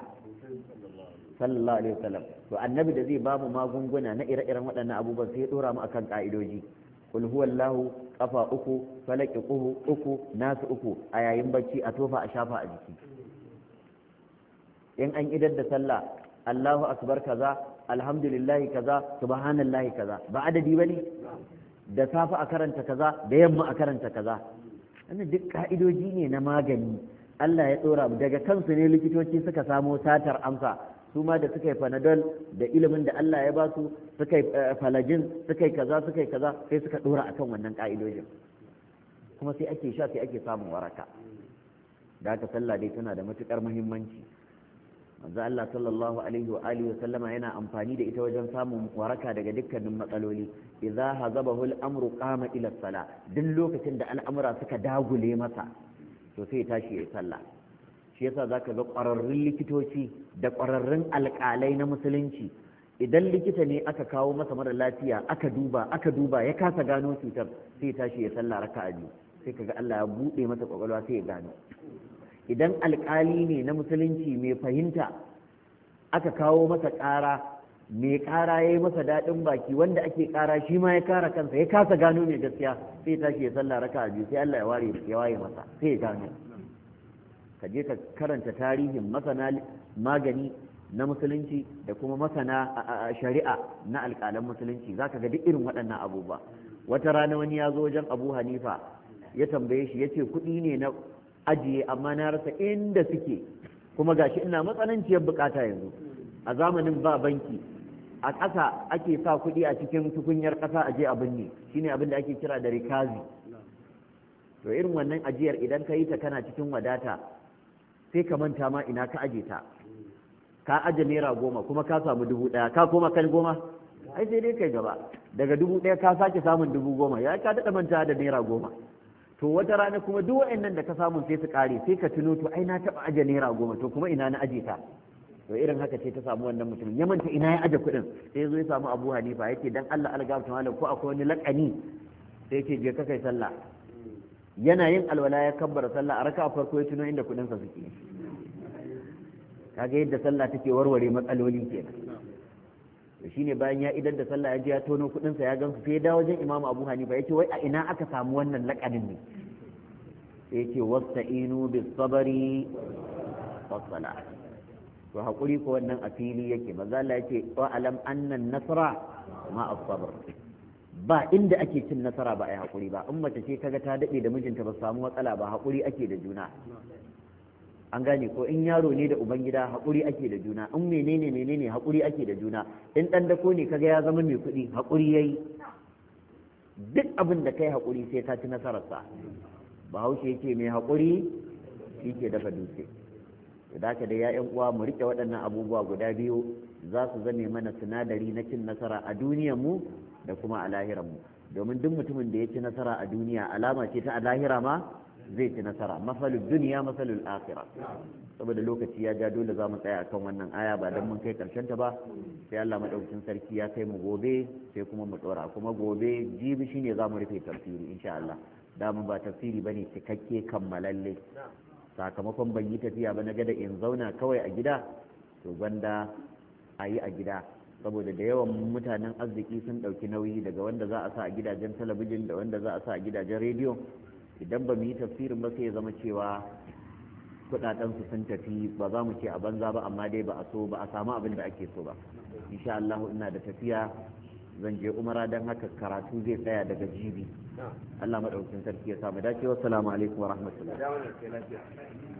sallallahu alaihi wasallam to annabi da zai bamu magunguna na ire-iren waɗannan abubuwan sai ya dora mu akan ka'idoji kul allahu kafa uku falaki uku uku nasu uku a yayin bacci a tofa a shafa a jiki in an idar da sallah Allahu akbar kaza alhamdulillahi kaza subhanallahi kaza ba adadi bane da safa a karanta kaza da yamma a karanta kaza wannan duk ka'idoji ne na magani Allah ya tsora daga kansu ne likitoci suka samo satar amsa su ma da suka yi fanadol da ilimin da Allah ya ba su suka yi falajin eh, suka yi kaza suka yi kaza sai suka dora akan wannan ka'idojin kuma sai ake sha sai ake samun waraka da haka sallah dai tana da matukar muhimmanci manzo Allah sallallahu alaihi wa alihi wa sallama yana amfani da ita wajen samun waraka daga dukkanin matsaloli idza hazabahu al-amru qama ila sala duk lokacin da al'amura suka dagule masa to sai tashi yayi sallah shi yasa zaka ga ƙwararrun likitoci da ƙwararrun alƙalai na musulunci idan likita ne aka kawo masa mara lafiya aka duba aka duba ya kasa gano cutar sai tashi ya sallah a biyu sai kaga Allah ya buɗe masa kwakwalwa sai ya gano idan alƙali ne na musulunci mai fahimta aka kawo masa ƙara mai ƙara ya yi masa daɗin baki wanda ake ƙara shi ma ya kara kansa ya kasa gano mai gaskiya sai tashi ya sallah a biyu sai Allah ya ware ya waye masa sai ya gano ka je ka karanta tarihin masana magani na musulunci da kuma masana shari'a na alƙalan musulunci za ka ga duk irin waɗannan abubuwa wata rana wani ya zo wajen abu hanifa ya tambaye shi ya ce kuɗi ne na ajiye amma na rasa inda suke kuma gashi ina matsananciyar bukata yanzu a zamanin ba banki a ƙasa ake sa kuɗi a cikin tukunyar ƙasa a je abin ne shine abin da ake kira da rikazi to irin wannan ajiyar idan ka yi ta kana cikin wadata sai ka manta ma ina ka aje ta ka aje naira goma kuma ka samu dubu ɗaya ka koma kan goma ai sai dai kai gaba daga dubu ɗaya ka sake samun dubu goma ya ka daɗa manta da naira goma to wata rana kuma duk wa'annan da ka samu sai su kare sai ka tuno to ai na taɓa aje naira goma to kuma ina na aje ta to irin haka ce ta samu wannan mutumin ya manta ina ya aje kuɗin sai zo ya samu abu hanifa yake dan allah algafta malam ko akwai wani lakani sai ke ce je ka kai sallah yana yin alwala ya kabbara sallah a raka farko ya tuno inda kudinsa suke kaga yadda sallah take warware matsaloli ke to shine bayan ya idar da sallah ya je ya tono kudinsa ya gansu sai ya dawo wajen imamu abu hanifa ya ce wai a ina aka samu wannan lakanin ne sai ya ce wasta'inu bis sabari wasala to hakuri ko wannan a fili yake maza Allah ya ce wa alam annan nasra ma as-sabr ba inda ake cin nasara ba a yi haƙuri ba in mace ce kaga ta daɗe da mijinta ba samu matsala ba haƙuri ake da juna an gane ko in yaro ne da ubangida haƙuri ake da juna in menene menene haƙuri ake da juna in ɗan dako ne kaga ya zama mai kuɗi haƙuri yayi duk abin da kai haƙuri sai ka ci nasararsa bahaushe yake mai haƙuri shi ke dafa dutse da haka da ya uwa mu rike waɗannan abubuwa guda biyu za su zame mana sinadari na cin nasara a duniyar mu da kuma a lahiran mu domin duk mutumin da ya ci nasara a duniya alama ce ta a lahira ma zai ci nasara masalul duniya masalul akhira saboda lokaci ya ja dole za mu tsaya akan wannan aya ba don mun kai karshen ta ba sai Allah madaukakin sarki ya kai mu gobe sai kuma mu tsora kuma gobe jibi shine za mu rufe tafsiri insha Allah da mun ba tafsiri bane cikakke kammalalle sakamakon ban yi tafiya ba na gada in zauna kawai a gida to gwanda a yi a gida saboda da yawan mutanen arziki sun ɗauki nauyi daga wanda za a sa a gidajen talabijin da wanda za a sa a gidajen rediyo idan ba mu yi tafsirin ba sai ya zama cewa kuɗaɗen su sun tafi ba za mu ce a banza ba amma dai ba a so ba a samu abin da ake so ba insha Allah ina da tafiya zan je umara don haka karatu zai tsaya daga jibi Allah maɗaukin sarki ya samu dacewa salamu alaikum wa rahmatullahi